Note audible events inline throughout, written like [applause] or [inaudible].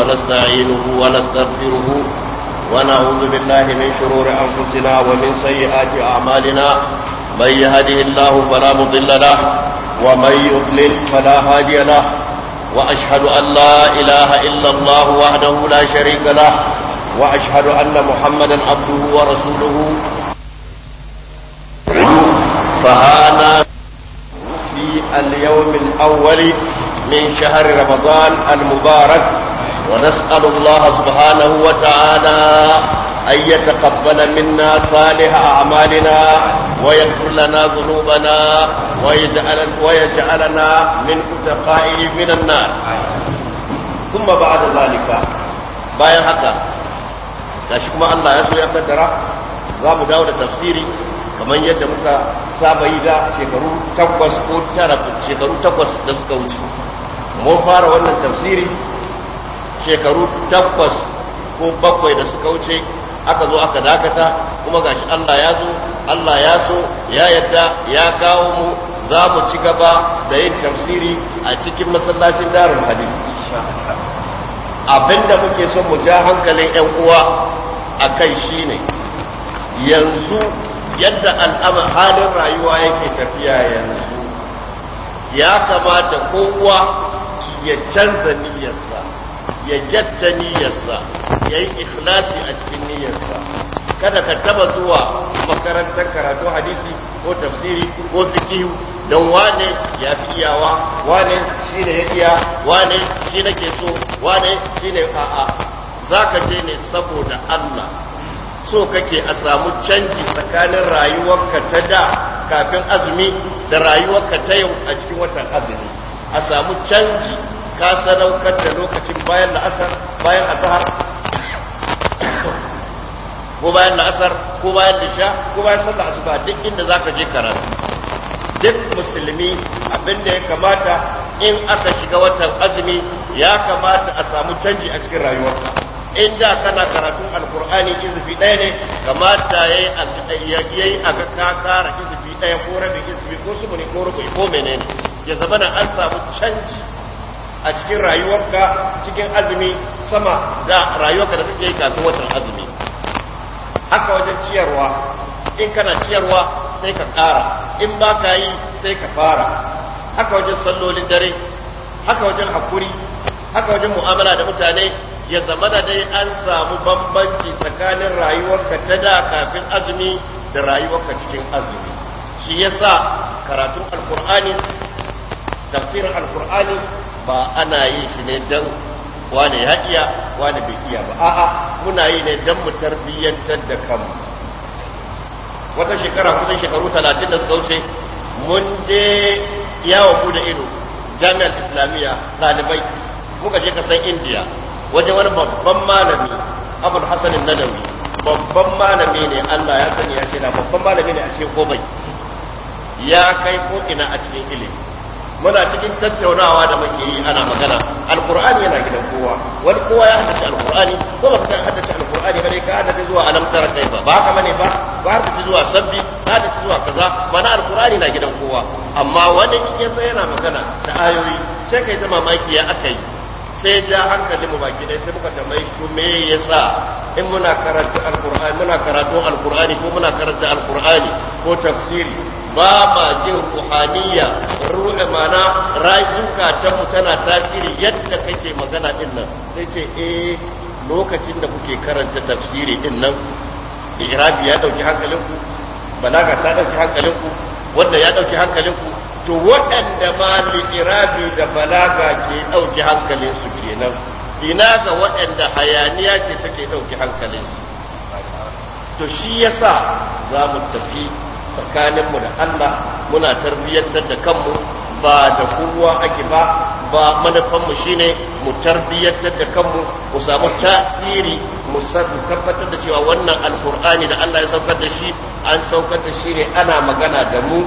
ونستعينه ونستغفره ونعوذ بالله من شرور أنفسنا ومن سيئات أعمالنا من يهده الله فلا مضل له ومن يضلل فلا هادي له وأشهد أن لا إله إلا الله وحده لا شريك له وأشهد أن محمدا عبده ورسوله فهانا في اليوم الأول من شهر رمضان المبارك ونسأل الله سبحانه وتعالى أن يتقبل منا صالح أعمالنا ويغفر لنا ذنوبنا ويجعل ويجعلنا من أتقائه من النار ثم بعد ذلك bayan haka gashi kuma Allah ya so ya kaddara za mu dawo da tafsiri kamar yadda muka saba yi da shekaru takwas ko tara shekaru takwas da suka wuce mun fara wannan tafsiri shekaru tabbas ko bakwai da suka wuce aka zo aka dakata kuma gashi Allah ya zo Allah ya so ya yadda ya kawo mu za mu ci gaba da yin tafsiri a cikin masallacin darin hadis abinda muke son mu ja hankalin 'yan uwa a kai ne. yanzu yadda al'amar halin rayuwa yake tafiya yanzu ya kamata kowa ya canza niyyarsa ya jatta niyyarsa ya yi ikhlasi a cikin niyyarsa kada ka taba zuwa makarantar karatu hadisi ko tafsiri ko fikihu don wane ya fi iyawa wane shi ne ya iya wane shi ke so wane shi ne a'a za ka je ne saboda Allah so kake a samu canji tsakanin rayuwarka ta da kafin azumi da rayuwarka ta yau a cikin watan azumi a samu canji ka sadaukar da lokacin bayan la'asar bayan asahar ko bayan la'asar ko bayan lisha ko bayan sallar asuba duk inda zaka je karatu duk musulmi abinda ya kamata in aka shiga watan azumi ya kamata a samu canji a cikin rayuwa. In da kana karatun alkur'ani izifi ɗaya ne kamata ya yi a ga ka kara izifi ɗaya ko rabin izifi ko su ne ko rubai ko menene ya zama na an samu canji a cikin rayuwarka cikin azumi sama da rayuwarka da kake yi kafin watan azumi haka wajen ciyarwa in kana ciyarwa sai ka ƙara in ba ka yi sai ka fara haka wajen sallolin dare haka wajen hakuri haka wajen mu'amala da mutane ya da dai an samu bambanci tsakanin rayuwarka ta da kafin azumi da rayuwarka cikin azumi shi yasa karatun alkur'ani tafsirin alkur'ani ba ana yin shi ne don wane ya iya wane bai iya ba a'a muna yi ne don mu tarbiyyantar da kanmu wata shekara kusan shekaru talatin da suka wuce mun je yawon bude ido jami'ar islamiyya ɗalibai muka je kasan indiya wajen wani babban malami abul hasan nadawi babban malami ne Allah ya sani ya ce da babban malami ne a cikin komai ya kai ko ina a cikin ilimi muna cikin tattaunawa da muke yi ana magana alqur'ani yana gidan kowa wani kowa ya al alqur'ani ko ba ka haddace alqur'ani ba dai ka haddace zuwa alam tar kai ba ba haka bane ba ba haddace zuwa sabbi ka haddace zuwa kaza mana alqur'ani na gidan kowa amma wani in yana magana da ayoyi sai kai ta mamaki ya akai sai ja hankali mu baki dai sai muka tambayi ko me yasa in muna karanta alqur'ani muna karatu alqur'ani ko muna karanta alqur'ani ko tafsiri ba ba jin ruhaniya ruhi mana rayuka ta mu tana tasiri yadda kake magana din nan sai ce eh lokacin da kuke karanta tafsiri din nan irabi ya dauki hankalinku balaga ta dauki hankalinku wanda ya ɗauki hankalinku to waɗanda ma da balaga ke dauki hankalinsu kenan ina ga waɗanda hayaniya ce take ɗauki hankalinsu to shi yasa za mu tafi tsakaninmu da Allah muna tarbiyyantar da kanmu ba da kowa ake ba ba manufanmu shine mu tarbiyyantar da kanmu mu samu tasiri mu tabbatar da cewa wannan alkur'ani da Allah ya saukar da shi an saukar da shi ne ana magana da mu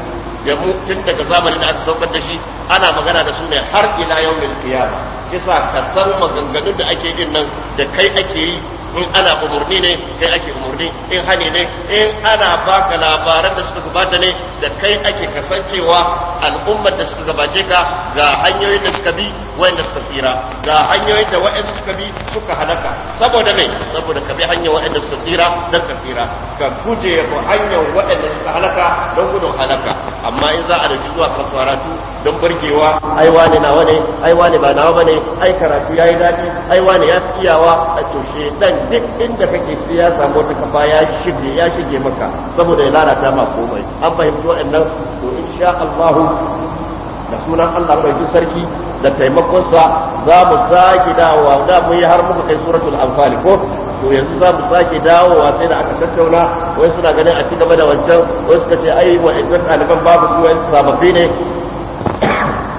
da tun daga zamanin da aka saukar da shi ana magana da su ne har ila yawmin kiyama kisa ka san maganganun da ake yin nan da kai ake yi in ana umurni ne kai ake umurni in hani ne in ana baka labaran da suka gabata ne da kai ake kasancewa al'ummar da suka gabace ka ga hanyoyin da suka bi da suka tsira ga hanyoyin da wayanda suka bi suka halaka saboda me saboda ka bi hanyar da suka tsira dan ka tsira ka guje hanyar da suka halaka don gudun halaka amma in za a da zuwa kan karatu don burgewa ai wane nawa ne ai wane ba nawa bane ai karatu yayi dadi ai wane ya tsiyawa a to dan duk inda kake sai ya samu wata kafa ya shige ya shige maka saboda ya lalata ma komai an fahimci waɗannan to insha Allah da sunan Allah bai ji sarki da taimakonsa za mu sake dawowa da mun yi har muku kai suratul anfal ko to yanzu za mu sake dawowa sai da aka tattauna wai suna ganin a ci gaba da wancan wai suka ce ai wa ɗaliban babu su wai sababbi ne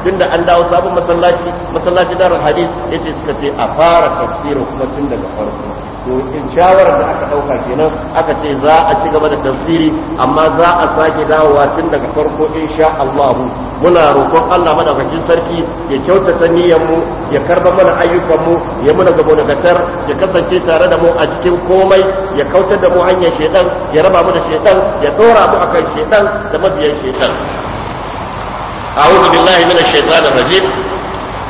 tunda an dawo sabon masallaci masallaci darar hadis ce suka ce a fara tafsiri kuma tun daga farko to in shawarar da aka dauka kenan aka ce za a ci gaba da tafsiri amma za a sake dawowa tun daga farko sha Allah muna roƙon Allah madaukakin sarki ya kyautata niyyar mu ya karba mana ayyukan mu ya muna gabo da gatar ya kasance tare da mu a cikin komai ya kautar da mu hanyar shedan ya raba mu da shedan ya dora mu akan shedan da mabiyan shedan أعوذ بالله من الشيطان الرجيم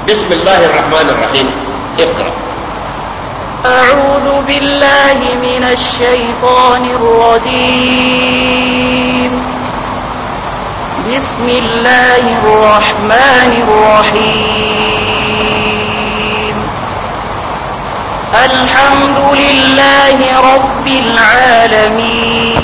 بسم الله الرحمن الرحيم اقرأ أعوذ بالله من الشيطان الرجيم بسم الله الرحمن الرحيم الحمد لله رب العالمين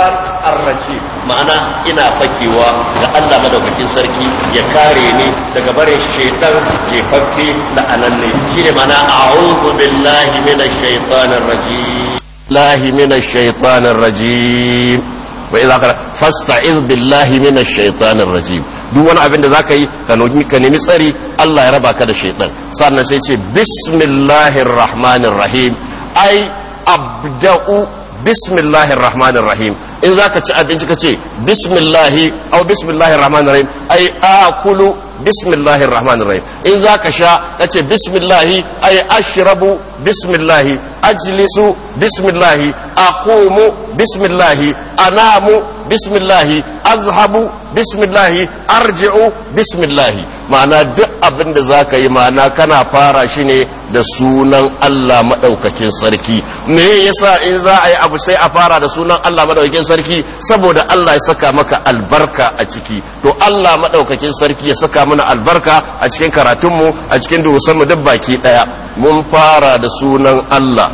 ar arraki ma'ana ina fakewa ga Allah madaukakin sarki ya kare ni daga bare shaitan jefaffe la'ananne shine ma'ana a'udhu billahi minash shaitanir rajim lahi minash shaitanir rajim wa idza qara fasta'iz billahi minash shaitanir rajim duk wani abin da zaka yi ka nemi ka nemi tsari Allah ya raba ka da shaitan sannan sai ce bismillahir rahmanir rahim ai abda'u bismillahir rahmanir rahim in zaka ci abinci ka ce bismillahi au bismillahir rahmanir rahim ai akulu bismillahir rahmanir rahim in zaka sha ka ce bismillahi ai ashrabu bismillahi ajlisu bismillahi aqumu bismillahi anamu bismillahi azhabu bismillahi arji'u bismillahi ma'ana duk abin da za ka yi ma'ana kana fara shi ne da sunan Allah maɗaukakin sarki me yasa in za a yi abu sai a fara da sunan Allah maɗaukakin sarki saboda Allah ya saka maka albarka a ciki to Allah maɗaukakin sarki ya saka mana albarka a cikin karatunmu a cikin dusanmu duk baki ɗaya mun fara da sunan Allah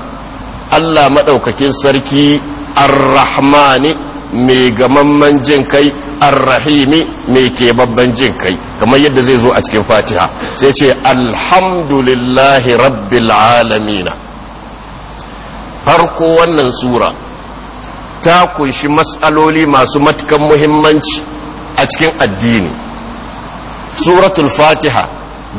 Allah maɗaukakin sarki ar-rahmani mai gamamman jin kai arrahimi mai ke babban jin kai kamar yadda zai zo a cikin fatiha sai ce alhamdulillahi rabbil alamina farko wannan sura ta kunshi matsaloli masu matukan muhimmanci a cikin addini suratul fatiha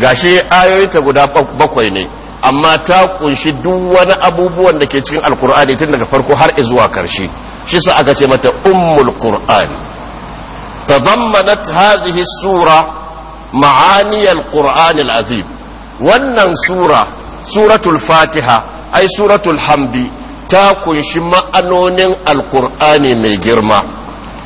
gashi ayoyinta guda bakwai ne amma ta kunshi duk wani abubuwan da ke cikin alkur'ani tun daga farko har zuwa karshe shi sa aka ce mata ummul qur'an tadammanat hadhihi sura ma'ani al-qur'an al-azim wannan sura suratul fatiha ai suratul hamdi ta kunshi ma'anonin alkur'ani mai girma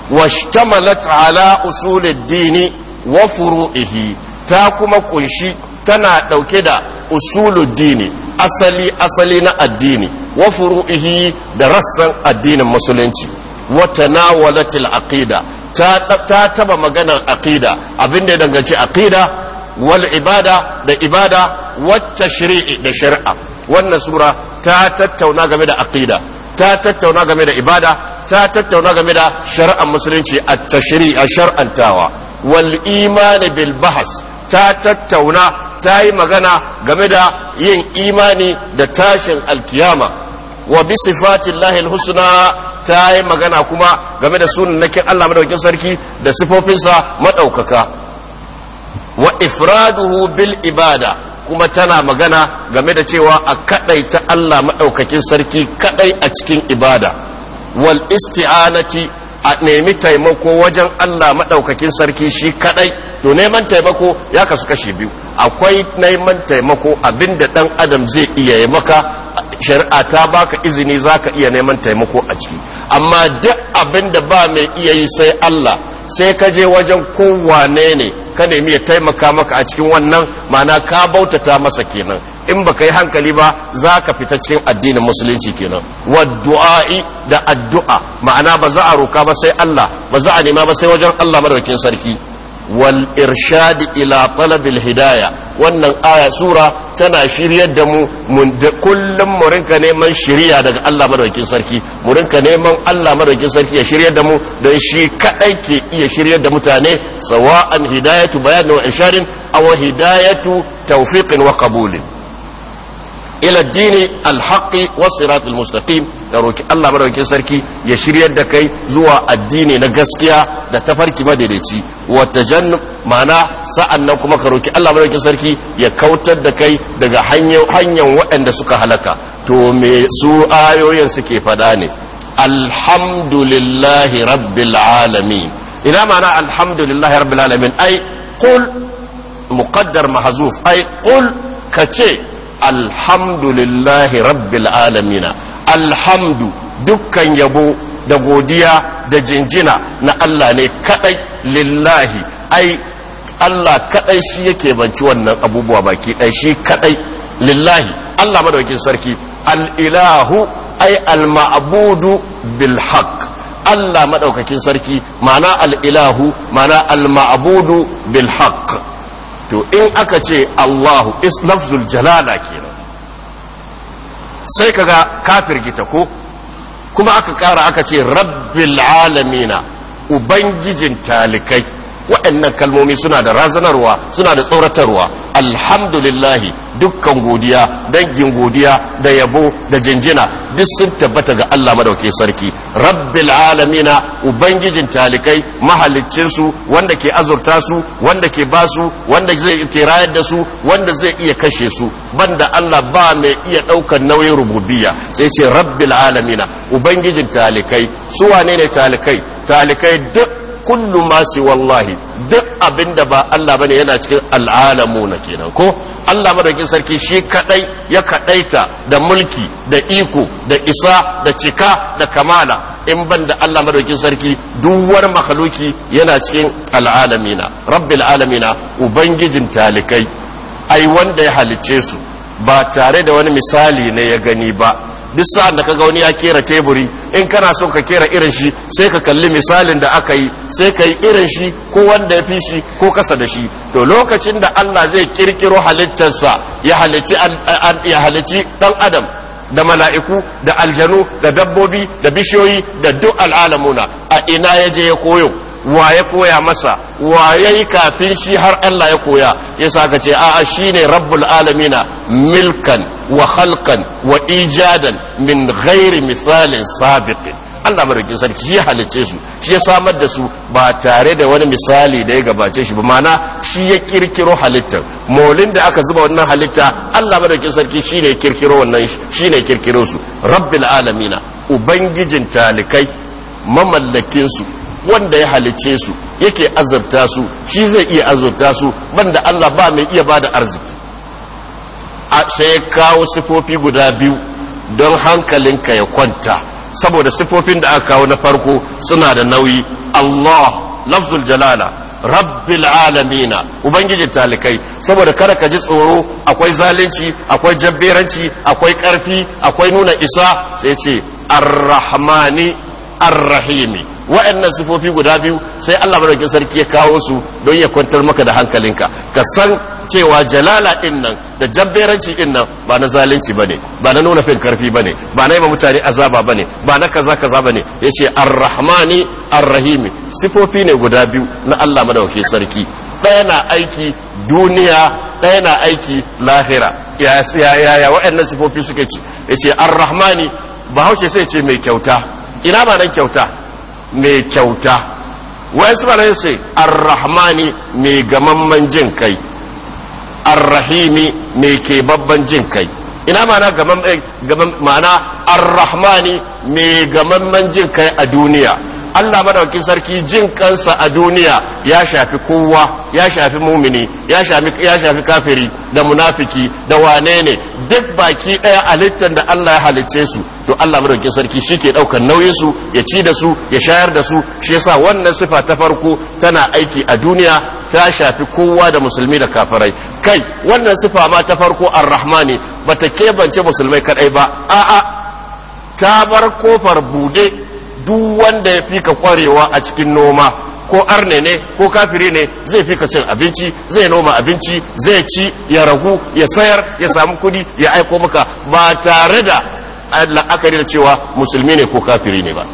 washtamalat ala usulid dini wa furu'ihi ta kuma kunshi tana ɗauke da usuluddini asali asali na addini wa furu'ihi da rassan addinin musulunci wa tanawalatil aqida ta ta taba maganar aqida abinda ya danganci aqida wal ibada da ibada wa tashri'i da shari'a wannan sura ta tattauna game da aqida ta tattauna game da ibada ta tattauna game da shari'ar musulunci a tashri'a shar'antawa wal iman bil bahs ta tattauna ta yi magana game da yin imani da tashin alkiyama wa bi lahil alhusna ta yi magana kuma game da sunan sunanakin Allah madaukin sarki da sifofinsa maɗaukaka. wa ifraduhu bil ibada kuma tana magana game da cewa a kadai ta Allah maɗaukakin sarki kadai a cikin ibada wal isti'anati a nemi taimako wajen Allah maɗaukakin sarki shi kaɗai to neman taimako ya kasu kashi biyu akwai neman taimako abinda ɗan adam zai iya yi maka shari'a ta baka izini za ka iya neman taimako a ciki amma duk abin da ba mai iya yi sai Allah sai ka je wajen kowane ne ka nemi ya taimaka maka a cikin wannan mana ka bautata masa kenan in baka yi hankali ba za ka fita cikin addinin musulunci kenan waddu'a'i da addu'a ma'ana ba za a roka ba sai Allah ba za a nema ba sai wajen Allah madaukin sarki wal irshadi ila talabil hidaya wannan aya sura tana shiryar da mu kullum mu rinka neman shiriya daga Allah madaukakin sarki mu rinka neman Allah madaukakin sarki ya shiryar da mu don shi kadai ke iya shiryar da mutane sawa'an hidayatu bayanin wa irshadin aw hidayatu tawfiqin wa qabulin ila dini alhaqi wasiratul mustaqim ka roki Allah madaukakin sarki ya shiryar da kai zuwa addini na gaskiya da tafarki madaidaici wa ma'ana mana na kuma ka roki Allah madaukakin sarki ya kautar da kai daga hanyar hanyar waɗanda suka halaka to me su ayoyin suke fada ne alhamdulillahi rabbil alamin ina mana alhamdulillahi rabbil alamin ai qul muqaddar mahzuf ai qul kace alhamdulillahi rabbil alamina alhamdu dukkan yabo da godiya da jinjina na Allah ne kadai lillahi ai Allah kadai shi yake banci wannan abubuwa baki ɗaya shi kadai lillahi Allah madaukin sarki al'ilahu ai al-ma'budu bil Allah madaukakin sarki ma'ana al'ilahu ma'ana al ma'abudu bil haqq to in aka ce Allahu is lafzul jalala kenan sai kaga kafir gita ko kuma aka kara aka ce rabbil alamina ubangijin talikai waɗannan kalmomi suna da razanarwa suna da tsoratarwa alhamdulillahi dukkan godiya dangin godiya da yabo da jinjina duk sun tabbata ga Allah madauke sarki rabbil alamina ubangijin talikai mahalicin su wanda ke azurta su wanda ke basu wanda zai ke rayar da su wanda zai iya kashe su banda Allah ba mai iya ɗaukar nauyin rububiyya sai ce rabbil alamina ubangijin talikai su wane ne talikai talikai duk kullu ma wallahi duk abin da ba Allah bane yana cikin al'alamu na kenan ko Allah madaukin sarki shi kadai ya kadaita da mulki da iko da isa da cika da kamala in ban da Allah madaukin sarki duwar makhluki yana cikin al'alamina rabbil alamina ubangijin talikai ai wanda ya halicce su ba tare da wani misali ne ya gani ba duk sa'an da kaga wani ya kera teburi in kana so ka kera irin shi sai ka kalli misalin da aka yi sai ka yi irin shi ko wanda ya fi shi ko kasa da shi to lokacin da Allah zai kirkiro halittarsa ya halici ya halici dan adam da mala'iku da aljanu da dabbobi da bishiyoyi da duk al'alamuna a ina ya je ya koyo wa ya koya masa wa ya yi kafin shi har Allah ya koya ya sa ka ce a'a shi ne rabbul alamina milkan wa halkan wa ijadan min ghairi misalin sabiqin Allah marigin sarki shi ya halicce su shi ya samar da su ba tare da wani misali da ya gabace shi ba mana shi ya kirkiro halittar molin da aka zuba wannan halitta Allah marigin sarki shi ne kirkiro wannan shi ne kirkiro su rabbil alamina ubangijin talikai mamallakin su wanda ya halicce su yake azurta su shi zai iya azurta su banda Allah ba mai iya bada arziki a sai kawo sifofi guda biyu don hankalinka ya kwanta saboda sifofin da aka kawo na farko suna da nauyi Allah lafzul jalala rabbil alamina ubangiji talikai saboda kada ka ji tsoro akwai zalunci akwai jabberanci akwai karfi akwai nuna isa sai ce arrahmani arrahimi waɗannan sifofi guda biyu sai Allah madaukakin sarki ya kawo su don ya kwantar maka da hankalinka ka san cewa jalala din nan da jabberanci din nan ba na zalunci bane ba na nuna fin karfi bane ba na yi mutane azaba bane ba na kaza kaza bane yace arrahmani arrahimi sifofi ne guda biyu na Allah madaukakin sarki ɗaya na aiki duniya ɗaya na aiki lahira Ya wa'annan sifofi suke ci yace arrahmani ba haushe sai ce mai kyauta ina ba nan kyauta mai kyauta wasu malamai sai arrahmani mai gamamman jin kai arrahimi mai ke babban jin kai ina mana gaman eh, mana arrahmani mai gamamman jin kai a duniya Allah madaukin sarki jin kansa a duniya ya shafi kowa ya shafi mumini ya shafi ya shafi kafiri da munafiki da wane ne duk baki daya halittar da Allah ya halicce su to Allah madaukin sarki shike daukar nauyin su ya ci da su ya shayar da su shi yasa wannan sifa ta farko tana aiki a duniya ta shafi kowa da musulmi da kafirai kai wannan sifa ma ta farko arrahmani bata kebance musulmai kadai ba a'a ta bar kofar bude duk wanda ya fika kwarewa a cikin noma ko arne ne ko kafiri ne zai fi ka cin abinci zai noma abinci zai ci ya ragu ya sayar ya samu kudi ya aiko maka ba tare da la'akari da cewa musulmi ne ko kafiri ne ba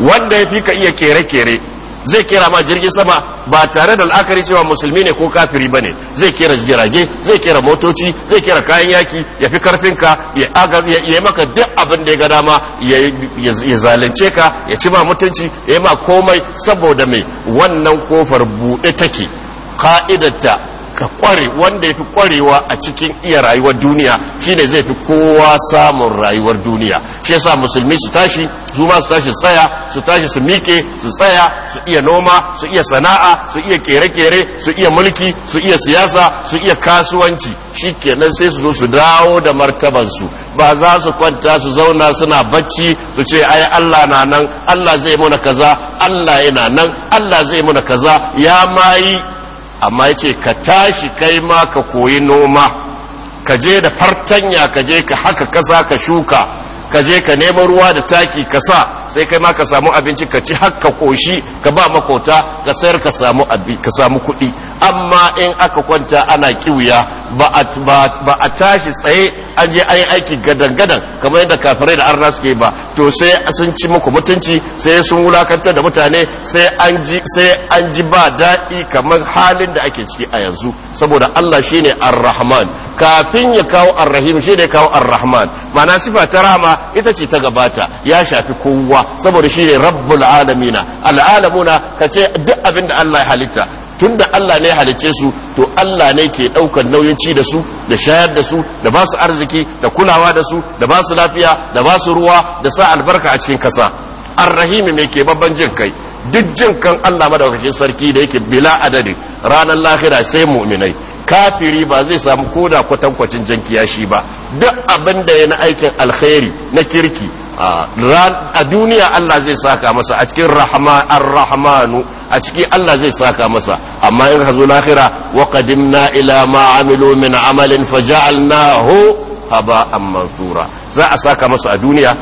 wanda ya fi ka iya kere-kere zai kera ma jirgin sama ba tare da la'akari cewa musulmi ne ko kafiri ba ne zai kera jirage zai kera motoci zai kera kayan yaki ya fi karfinka ya yi maka duk abin da ya ga dama ya zalunce ka ya ci ma mutunci ya yi ma komai saboda mai wannan kofar buɗe take ka'idarta ka kware wanda ya fi kwarewa a cikin iya rayuwar duniya shine zai fi kowa samun rayuwar duniya shi yasa musulmi su tashi su ma su tashi tsaya su tashi su mike su tsaya su iya noma su iya sana'a su iya kere-kere su iya mulki su iya siyasa su iya kasuwanci shi kenan sai su zo su dawo da su ba za su kwanta su zauna suna bacci su ce ai Allah na nan Allah zai muna kaza Allah yana nan Allah zai muna kaza ya mayi amma yace ka tashi kai ma ka koyi noma ka je da fartanya ka je ka haka kasa ka shuka ka je ka nemo ruwa da taki ka sa sai kai ma ka samu abinci ka ci har ka koshi ka ba makota ka sayar ka samu ka samu kuɗi amma in aka kwanta ana kiwuya ba a tashi tsaye an je an yi aiki gadan-gadan kamar yadda kafirai da arna suke ba to sai sun ci muku mutunci sai sun wulakantar da mutane sai an ji sai an ji ba daɗi kamar halin da ake ciki a yanzu saboda Allah shine ar-rahman kafin ya kawo ar-rahim shine ya kawo ar-rahman ma'ana sifa ta rahma ita ce ta gabata ya shafi kowa kowa saboda shi ne rabbul alamina al'alamuna ka ce duk abin da Allah ya halitta tunda Allah ne ya halicce su to Allah ne ke ɗaukar nauyin ci da su da shayar da su da ba su arziki da kulawa da su da ba su lafiya da ba su ruwa da sa albarka a cikin kasa rahimi mai ke babban jin kai duk jin kan Allah madaukakin sarki da yake bila adadi ranar lahira sai mu'minai kafiri ba zai samu koda kwatankwacin jan kiyashi ba duk abin da ya na aikin alkhairi na kirki a duniya Allah zai saka masa a cikin ar-rahmanu a ciki Allah zai saka masa amma in hazo lahira wa qadimna ila ma amilu min amalin faja'alnahu haba'an mansura za a saka masa a duniya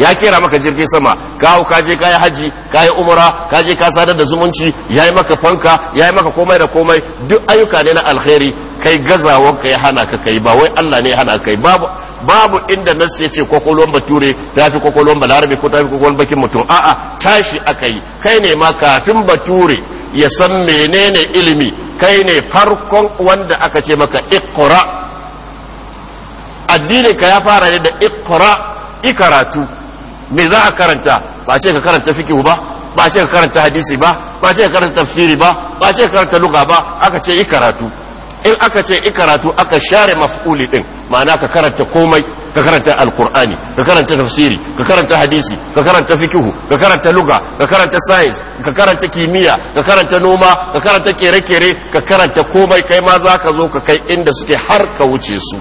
ya kera maka jirgin sama ka ka je kayi haji kayi umra ka je ka sadar da zumunci ya yi maka fanka ya yi maka komai da komai duk ayyuka ne na alkhairi kai gazawar ya hana ka kai ba wai Allah ne hana kai babu babu inda nas ya ce kwakwalwan bature ta fi kwakwalwan balarabe ko ta fi kwakwalwan bakin mutum a'a tashi aka yi kai ne ma kafin bature ya san menene ilimi kai ne farkon wanda aka ce maka ikora addinin ka ya fara ne da ikora ikaratu me za a karanta ba ce ka karanta fikihu ba ba ce ka karanta hadisi ba ba ce ka karanta tafsiri ba ba ce ka karanta lugha ba aka ce yi karatu in aka ce yi karatu aka share maf'uli din ma'ana ka karanta komai ka karanta alkur'ani ka karanta tafsiri ka karanta hadisi ka karanta fikihu ka karanta luga ka karanta science ka karanta kimiyya ka karanta noma ka karanta kere-kere ka karanta komai kai ma za ka zo ka kai inda suke har ka wuce su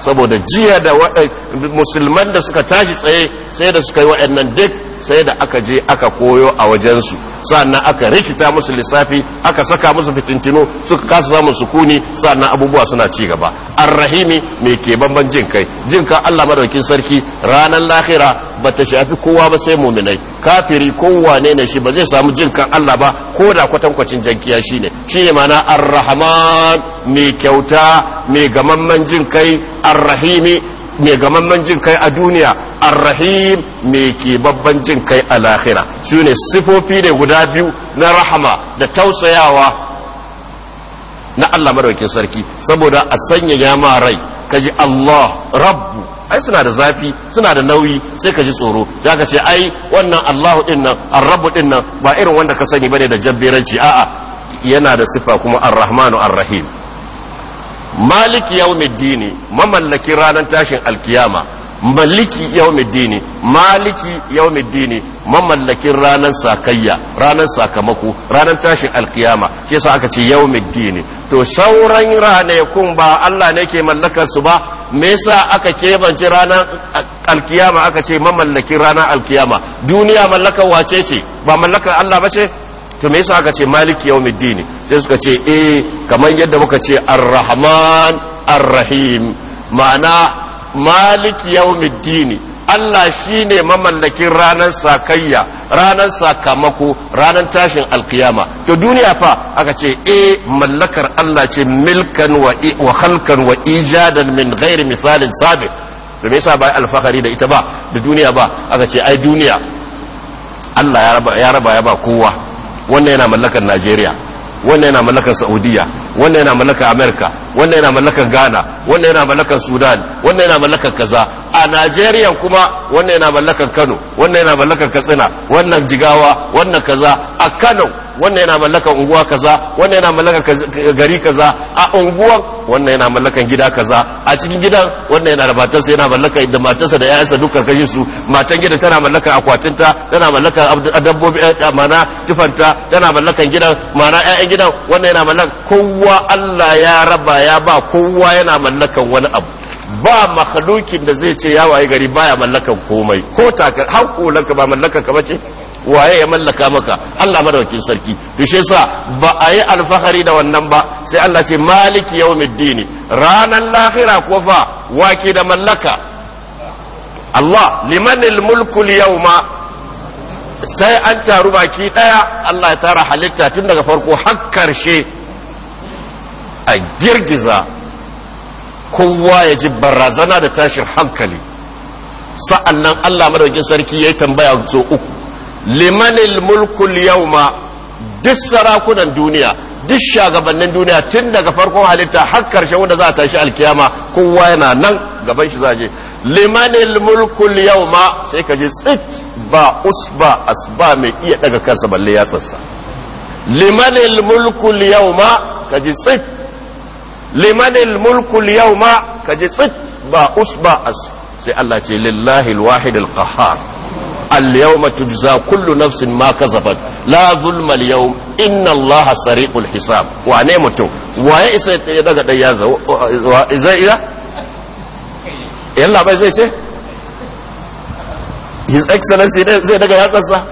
saboda jiya da eh, musulman da suka tashi tsaye sai da suka yi waɗannan duk sai da aka je aka koyo a wajensu sannan aka rikita musu lissafi aka saka musu fitintino suka kasa samun sukuni sannan abubuwa suna ci gaba arrahimi mai ke banban jin kai jin ka Allah madaukin sarki ranar lahira ba ta shafi kowa ba sai muminai kafiri kowa ne shi ba zai samu jin kan Allah ba ko da kwatankwacin jankiya shi ne shi ne mana arrahman mai kyauta mai gamamman jin kai arrahimi mai gamamman jin kai a duniya arrahim mai ke babban jin kai a lahira su ne sifofi ne guda biyu na rahama da tausayawa na Allah madaukin sarki saboda a sanya ya ma rai kaji Allah rabbu ai suna da zafi suna da nauyi sai ka ji tsoro za ka ce ai wannan allahu din nan arrabu din ba irin wanda ka sani bane da jabbiranci a'a yana da sifa kuma arrahmanu arrahim maliki yawmiddini mamallakin ranar tashin alkiyama maliki yawmiddini maliki yawmiddini mamallakin ranar sakayya ranar sakamako ranar tashin alkiyama shi yasa aka ce yawmiddini to sauran ranakun ba Allah ne ke mallakar ba me yasa aka kebance ranar alkiyama aka ce mamallakin ranar alkiyama duniya mallakar wace ce ba mallakar Allah ba ce to me yasa aka ce maliki yawmiddini sai suka ce eh kamar yadda muka ce arrahman arrahim ma'ana maliki dini Allah shine mamallakin ranar sakayya ranar sakamako ranar tashin alkiyama to duniya fa aka ce e mallakar Allah ce milkan wa halkan wa ijadan min ghairi misalin sabit da me yasa ba alfahari da ita ba da duniya ba aka ce ai duniya Allah ya raba ya ba kowa wannan yana mallakar Najeriya wannan yana mallakar saudiya wannan yana mallakar amerika wannan yana mallakar ghana wannan yana mallakar sudan wannan yana mallakar kaza a najeriya kuma wannan yana mallakar kano wannan yana mallakar katsina wannan jigawa wannan kaza a kano wannan yana mallakan unguwa kaza wannan yana mallakan gari kaza a unguwan wannan yana mallakan gida kaza a cikin gidan wannan yana da matarsa yana mallakan da matarsa da yayansa dukkan kashi su matan gida tana mallakan ta tana mallakan dabbobi mana ta tana mallakan gidan mana ƴaƴan gidan wannan yana mallakan kowa Allah ya raba ya ba kowa yana mallakan wani abu ba makhlukin da zai ce ya waye gari baya mallakan komai ko takar har ka ba mallakan ka bace waye ya mallaka maka Allah madaukin sarki to shi yasa ba a yi alfahari da wannan ba sai Allah ce maliki yawmiddini ranan lahira ko fa wake da mallaka Allah limanil yau yawma sai an taru baki daya Allah ya tara halitta tun daga farko har karshe a girgiza kowa ya ji barazana da tashin hankali sa'annan Allah madaukin sarki yayi tambaya sau uku limanil mulkul yauma duk sarakunan duniya duk shagabannin duniya tun daga farkon halitta har karshe wanda za a tashi alkiyama kowa yana nan gaban shi za je limanil mulkul yauma sai ka tsit ba usba asba mai iya daga kansa balle yatsarsa limanil mulkul yauma ka ji tsit limanil mulkul yauma ka ji tsit ba usba asba sai Allah ce lillahi alwahid alqahar al-yawma tujza kullu nafsin ma kasabat la zulma al inna Allaha sariqul hisab wane mutum waye isa ya daga dai ya zai iya yalla bai zai ce his excellency zai daga ya yatsarsa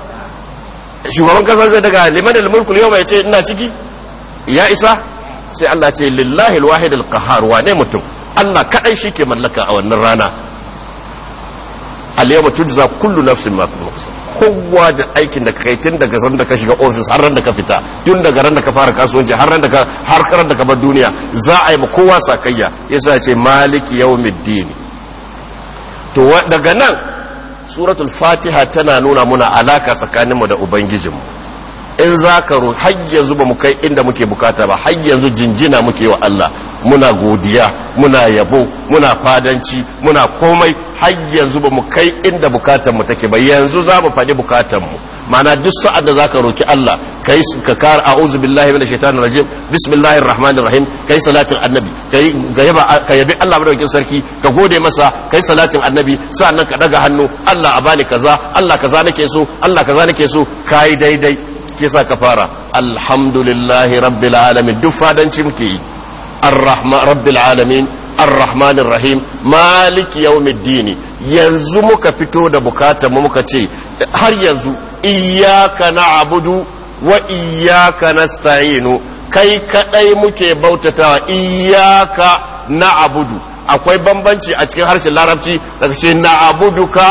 shugaban kasa zai daga liman al-mulku al-yawma yace ina ciki ya isa sai Allah ce lillahi alwahid alqahar wane mutum Allah kadai shi ke mallaka a wannan rana al-yawma tujza kullu nafsin ma kasabat kowa da aikin da kai tun daga san da ka shiga ofis har ran da ka fita tun daga ran da ka fara kasuwanci har ran da ka har ran da ka bar duniya za a yi ma kowa sakayya yasa ce maliki yawmiddin to daga nan suratul fatiha tana nuna muna alaka tsakaninmu da ubangijinmu in za ka har yanzu ba mu kai inda muke bukata ba har yanzu jinjina muke wa Allah muna godiya muna yabo muna fadanci muna komai har yanzu ba mu kai inda bukatar mu take ba yanzu za mu faɗi bukatar mu ma'ana duk sa'ad da zaka roki Allah kai ka kar a'udhu billahi minash shaitanir rajim bismillahir rahmanir rahim kai salatin annabi kai ga yaba ka yabi Allah madaukakin sarki ka gode masa kai salatin annabi sa'annan ka daga hannu Allah a bani kaza Allah kaza nake so Allah kaza nake so kai daidai kisa ka fara alhamdulillahi rabbil alamin duk fadanci muke yi الرحمن رب العالمين الرحمن الرحيم مالك يوم الدين yanzu muka fito da bukatar mu muka ce har yanzu iyyaka na'budu wa iyyaka بوتة kai نعبد muke akwai bambanci a cikin harshen larabci daga ce na'buduka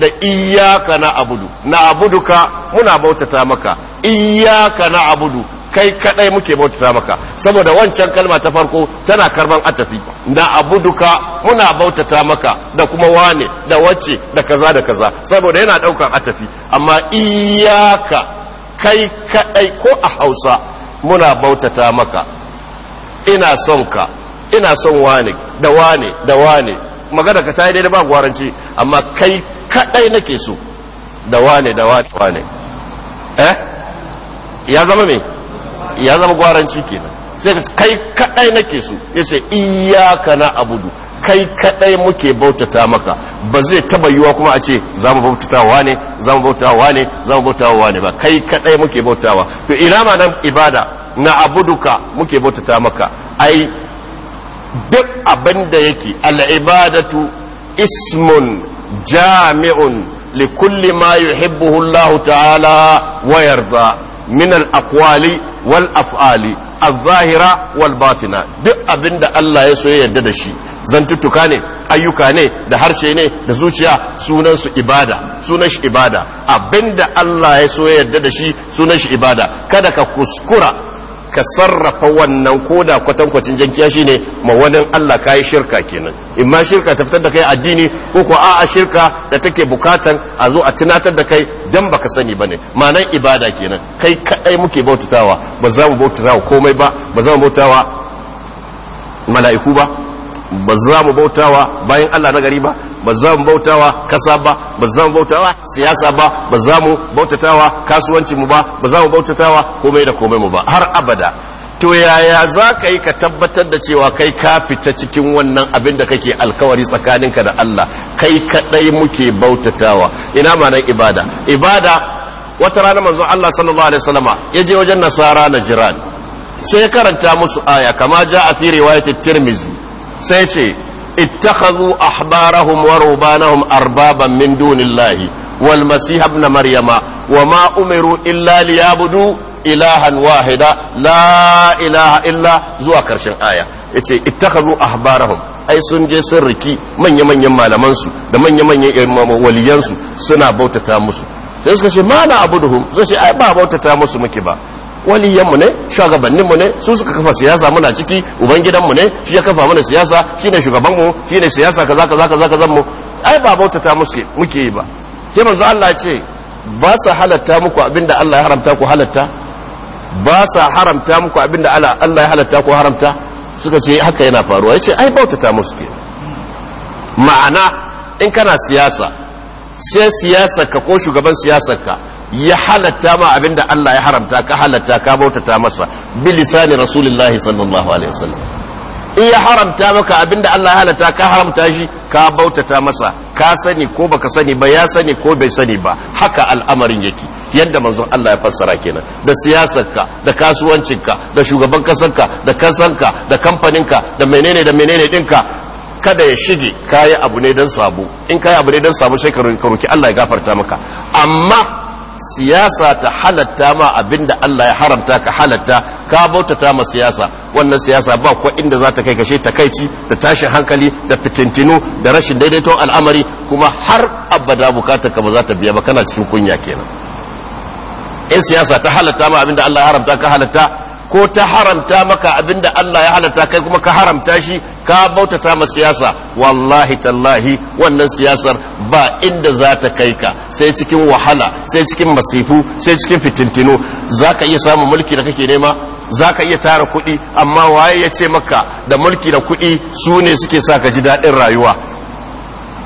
da iyyaka na'budu na'buduka muna bautata maka iyyaka na'budu kai kadai muke bautata maka saboda wancan kalma ta farko tana karban atafi da abuduka muna bautata maka da kuma wane da wacce da kaza da kaza saboda yana daukan atafi amma iyaka kai kadai ko a Hausa muna bautata maka ina son ka ina son wane da wane da wane magana ka tayi daidai ba gwaranci amma kai kadai nake so da wane da wane wane eh ya zama me ya zama gwaranci kenan sai ka kai kadai nake su ya sai iyaka na abudu kai kadai muke bautata maka ba zai taba yiwa kuma a ce za mu bautata wa ne za mu wa ne za mu wa ne ba kai kadai muke bautawa to ina ma nan ibada na ka muke bautata maka ai duk abinda da yake al'ibadatu ismun jami'un likulli ma yuhibbuhu Allah ta'ala wa yarda min akwali wal af'ali az-zahira wal batina duk abinda Allah ya so ya da shi zantuttuka ayyuka ne da harshe ne da zuciya sunan su ibada sunan shi ibada abinda Allah ya so ya yarda da shi sunan shi ibada kada ka kuskura ka sarrafa wannan koda kwatankwacin jankiya shine ma wani Allah kayi shirka kenan in ma shirka ta fitar da kai addini ko ko a'a shirka da take bukatan a zo a tunatar da kai dan ka sani bane ma'anar ibada kenan kai kadai muke bautatawa ba za mu bautatawa komai ba ba za mu bautawa mala'iku ba ba za mu bautawa bayan Allah na gari ba ba za mu bautawa kasa ba ba za mu bautawa siyasa ba ba za mu bautatawa kasuwanci ba ba za mu bautatawa komai da komai mu ba har abada to yaya za ka yi ka tabbatar da cewa kai ka fita cikin wannan abin da kake alkawari tsakaninka da Allah kai kadai muke bautatawa ina ma'anar ibada ibada wata rana manzo Allah sallallahu alaihi wasallama je wajen nasara na jiran sai ya karanta musu aya kama ja a fi riwayatit tirmizi sai ce اتخذوا أحبارهم ورهبانهم أربابا من دون الله والمسيح ابن مريم وما أمروا إلا ليعبدوا إلها واحدا لا إله إلا زوا كرشن آية اتخذوا أحبارهم ai sun je sun riki manya-manyan malamansu da manya-manyan waliyansu suna bautata musu sai suka ce ma na abuduhum zai ce ai ba bautata musu muke ba waliyanmu ne shugabanninmu ne su suka kafa siyasa muna ciki ubangidanmu ne shi ya kafa mana siyasa shine shugabanmu shine siyasa kaza kaza kaza kaza mu ai ba bautata musu muke yi ba sai manzo Allah ce ba sa halatta muku abinda Allah ya haramta ku halatta ba sa haramta muku abinda Allah ya halatta ku haramta suka ce haka yana faruwa yace ai bautata musu ke ma'ana in kana siyasa sai ka ko shugaban ka. ya halatta ma abinda Allah ya haramta ka halatta ka bautata masa bi lisani rasulullahi sallallahu alaihi wasallam in ya haramta maka abinda Allah ya halatta ka haramta shi ka bautata masa ka sani ko baka sani ba ya sani ko bai sani ba haka al'amarin yake yadda manzon Allah ya fassara kenan da ka da kasuwancin ka da shugaban kasarka da kasanka da kamfaninka da menene da menene dinka kada ya shige kayi abu ne don sabo in kayi abu ne don sabo sai ka roki Allah ya gafarta maka amma siyasa ta halatta ma abinda Allah ya haramta ka halatta ka bautata ma siyasa wannan siyasa ba ko inda za ta kai kashe takaici da tashin hankali da fitintinu da rashin daidaito al'amari kuma har abada bukatar ka ba za ta biya ba kana cikin kunya kenan in siyasa ta halatta ma abinda Allah ya haramta ka halatta ko ta haramta maka abinda Allah ya halatta kai kuma ka haramta shi ka bautata ma siyasa wallahi tallahi wannan siyasar ba inda za ta kai ka sai cikin wahala sai cikin masifu sai cikin fitintino za ka iya samun mulki da kake nema za ka iya tara kuɗi amma waye ya ce maka da mulki da kuɗi su ne suke sa ka ji daɗin rayuwa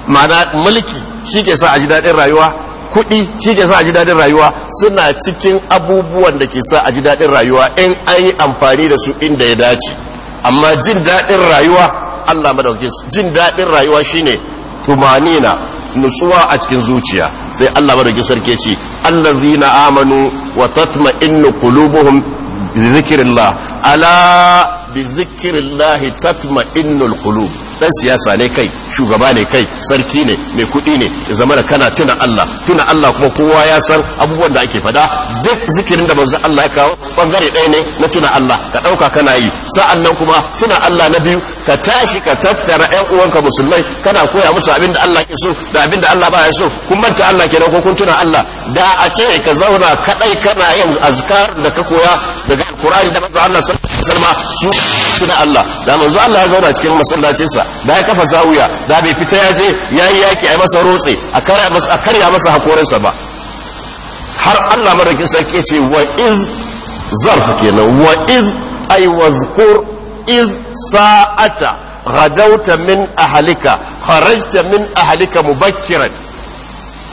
ma'ana mulki shi ke sa a ji daɗin rayuwa kuɗi shi ke sa a ji daɗin rayuwa suna cikin abubuwan da ke sa a ji daɗin rayuwa in an yi amfani da su inda ya dace amma jin daɗin rayuwa allah madauki jin daɗin rayuwa shine tumanina nutsuwa a cikin zuciya sai allah madauki sarki ce allazina amanu wa tatma'innu qulubuhum bi la ala bi tatma innul qulub dan siyasa ne kai shugaba ne kai sarki ne mai kuɗi ne ya zama da kana tuna Allah tuna Allah kuma kowa ya san abubuwan da ake fada duk zikirin da manzon Allah ya kawo bangare ɗaya ne na tuna Allah ka ɗauka kana yi sa'annan kuma tuna Allah na biyu ka tashi ka tattara ƴan uwanka musulmai kana koya musu abin da Allah ke so da abin da Allah ba so kun manta Allah kenan ko kun tuna Allah da a ce ka zauna kadai kana yin azkar da ka koya daga alkur'ani da manzon Allah sallallahu alaihi wasallam su shi na Allah da manzo Allah ya zauna cikin masallacinsa da ya kafa zawiya da bai fita ya je ya yi yaki a masa rotse a karya masa hakorinsa ba har Allah madaukin sarki ce wa iz zarf kenan wa iz ay wazkur iz sa'ata غدوت من أهلك خرجت من أهلك مبكرا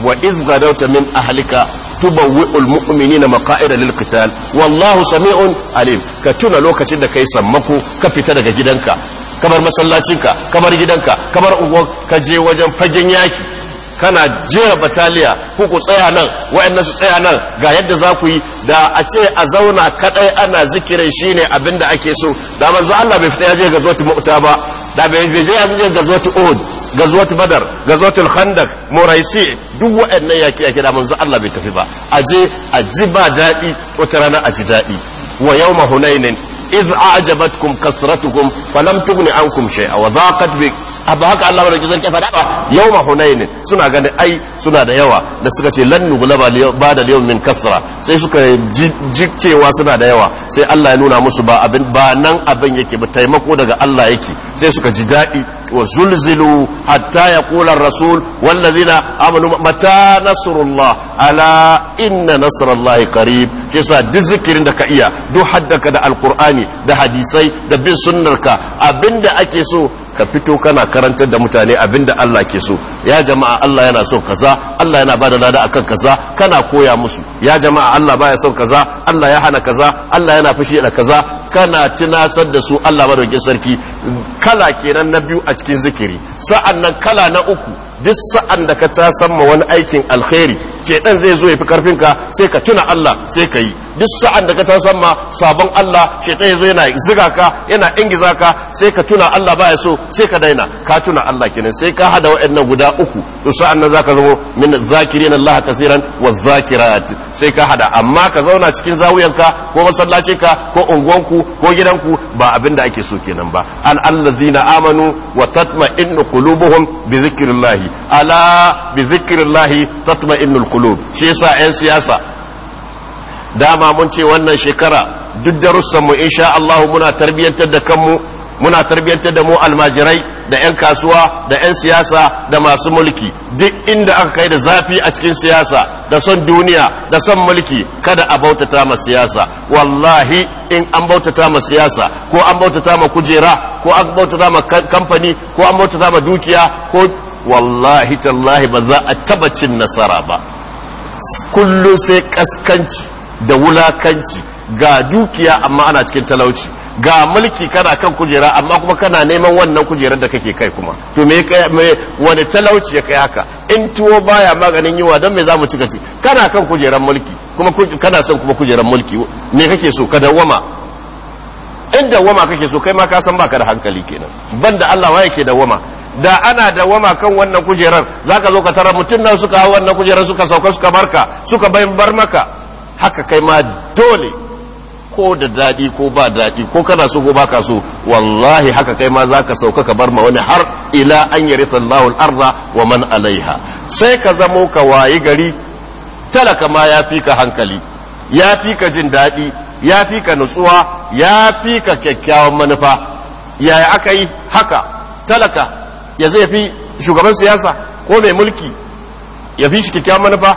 wa iz gadawta min ahlika tubawwi'ul mu'minina maqa'ida lil qital wallahu sami'un alim ka tuna lokacin da kai sammako ka fita daga gidanka kamar masallacinka kamar gidanka kamar unguwar ka je wajen fagen yaki kana jera bataliya ko ku tsaya nan wa'annan su tsaya nan ga yadda za ku yi da a ce a zauna kaɗai ana zikirin shine abinda da ake so da manzo Allah bai fita ya je ga zuwa mu'ta ba da bai je ya je ga zuwa uhud gazwat badar gazwatul khandak muraisi duk waɗannan yaki yaki da manzo Allah bai tafi ba aje aji ba daɗi wata rana aji daɗi wa yawma hunainin إذ أعجبتكم كثرتكم فلم تغن عنكم شيئا وضاقت a ba haka Allah madauki sarki faɗa ba yawma hunain suna ganin ai suna da yawa da suka ce lan nuglaba ba da yawm min kasra sai suka jikcewa suna da yawa sai Allah ya nuna musu ba abin ba nan abin yake ba taimako daga Allah yake sai suka ji daɗi wa zulzilu hatta yaqula ar-rasul wallazina amanu mata nasrullah ala inna nasrallahi qarib shi sa duk zikirin da ka iya duk haddaka da alqur'ani da hadisai da bin sunnarka abinda ake so ka fito kana karantar da mutane abinda Allah ke so ya jama'a Allah yana so kaza Allah yana bada lada akan kaza kana koya musu ya jama'a Allah baya so kaza Allah ya hana kaza Allah yana fushi da kaza kana tunasar da su Allah madaukin sarki kala kenan na biyu a cikin zikiri sa'annan kala na uku duk sa'an da ka ta samma wani aikin alkhairi shedan zai zo ya fi karfin ka sai ka tuna Allah sai ka yi duk sa'an da ka ta samma sabon Allah shedan ya zo yana ziga ka yana ingiza ka sai ka tuna Allah baya so sai ka daina ka tuna Allah kenan sai ka hada waɗannan guda uku duk sa'an nan zaka zama min zakirin Allah kaseeran wa zakirat sai ka hada amma ka zauna cikin ka ko masallacin ka ko unguwanku ko gidanku ba abin da ake so kenan ba an allazina amanu wa tatma'innu qulubuhum bi zikrillah ala bi zikrillahi tatma'innul qulub shi yasa 'yan siyasa dama mun ce wannan shekara duk darussan mu insha Allah muna tarbiyantar da kanmu muna tarbiyantar da mu almajirai da 'yan kasuwa da 'yan siyasa da masu mulki duk inda aka kai da zafi a cikin siyasa da son duniya da son mulki kada a bautata ma siyasa wallahi in an bautata ma siyasa ko an bautata ma kujera ko an bautata ma kamfani ko an bautata ma dukiya ko wallahi tallahi ba za a taba cin nasara ba kullum sai kaskanci da wulakanci ga dukiya amma ana cikin talauci ga mulki kana kan kujera amma kuma kana neman wannan kujerar da kake kai kuma to me wani talauci ya kai haka in tuwo baya maganin yiwa don me za mu cika ci kana kan kujerar mulki kuma kana son kuma kujerar mulki me kake so ka dawwama in dawwama kake so kai ma ka san baka da hankali kenan banda Allah wa ke dawwama da ana dawwama kan wannan kujerar zaka zo ka tara mutum nan suka hau wannan kujerar suka sauka suka barka suka bayin bar maka haka kai ma dole ko da daɗi ko ba daɗi ko kana so ko baka so wallahi haka kai ma zaka sauka ka bar ma wani har ila an yarisa Allahu al wa man alaiha sai ka zamo ka wayi gari talaka ma ya fi ka hankali ya fi ka jin daɗi ya fi ka nutsuwa ya fi ka kyakkyawan manufa yaya aka yi haka talaka ya zai fi shugaban siyasa ko mai mulki ya fi shi kyakkyawan manufa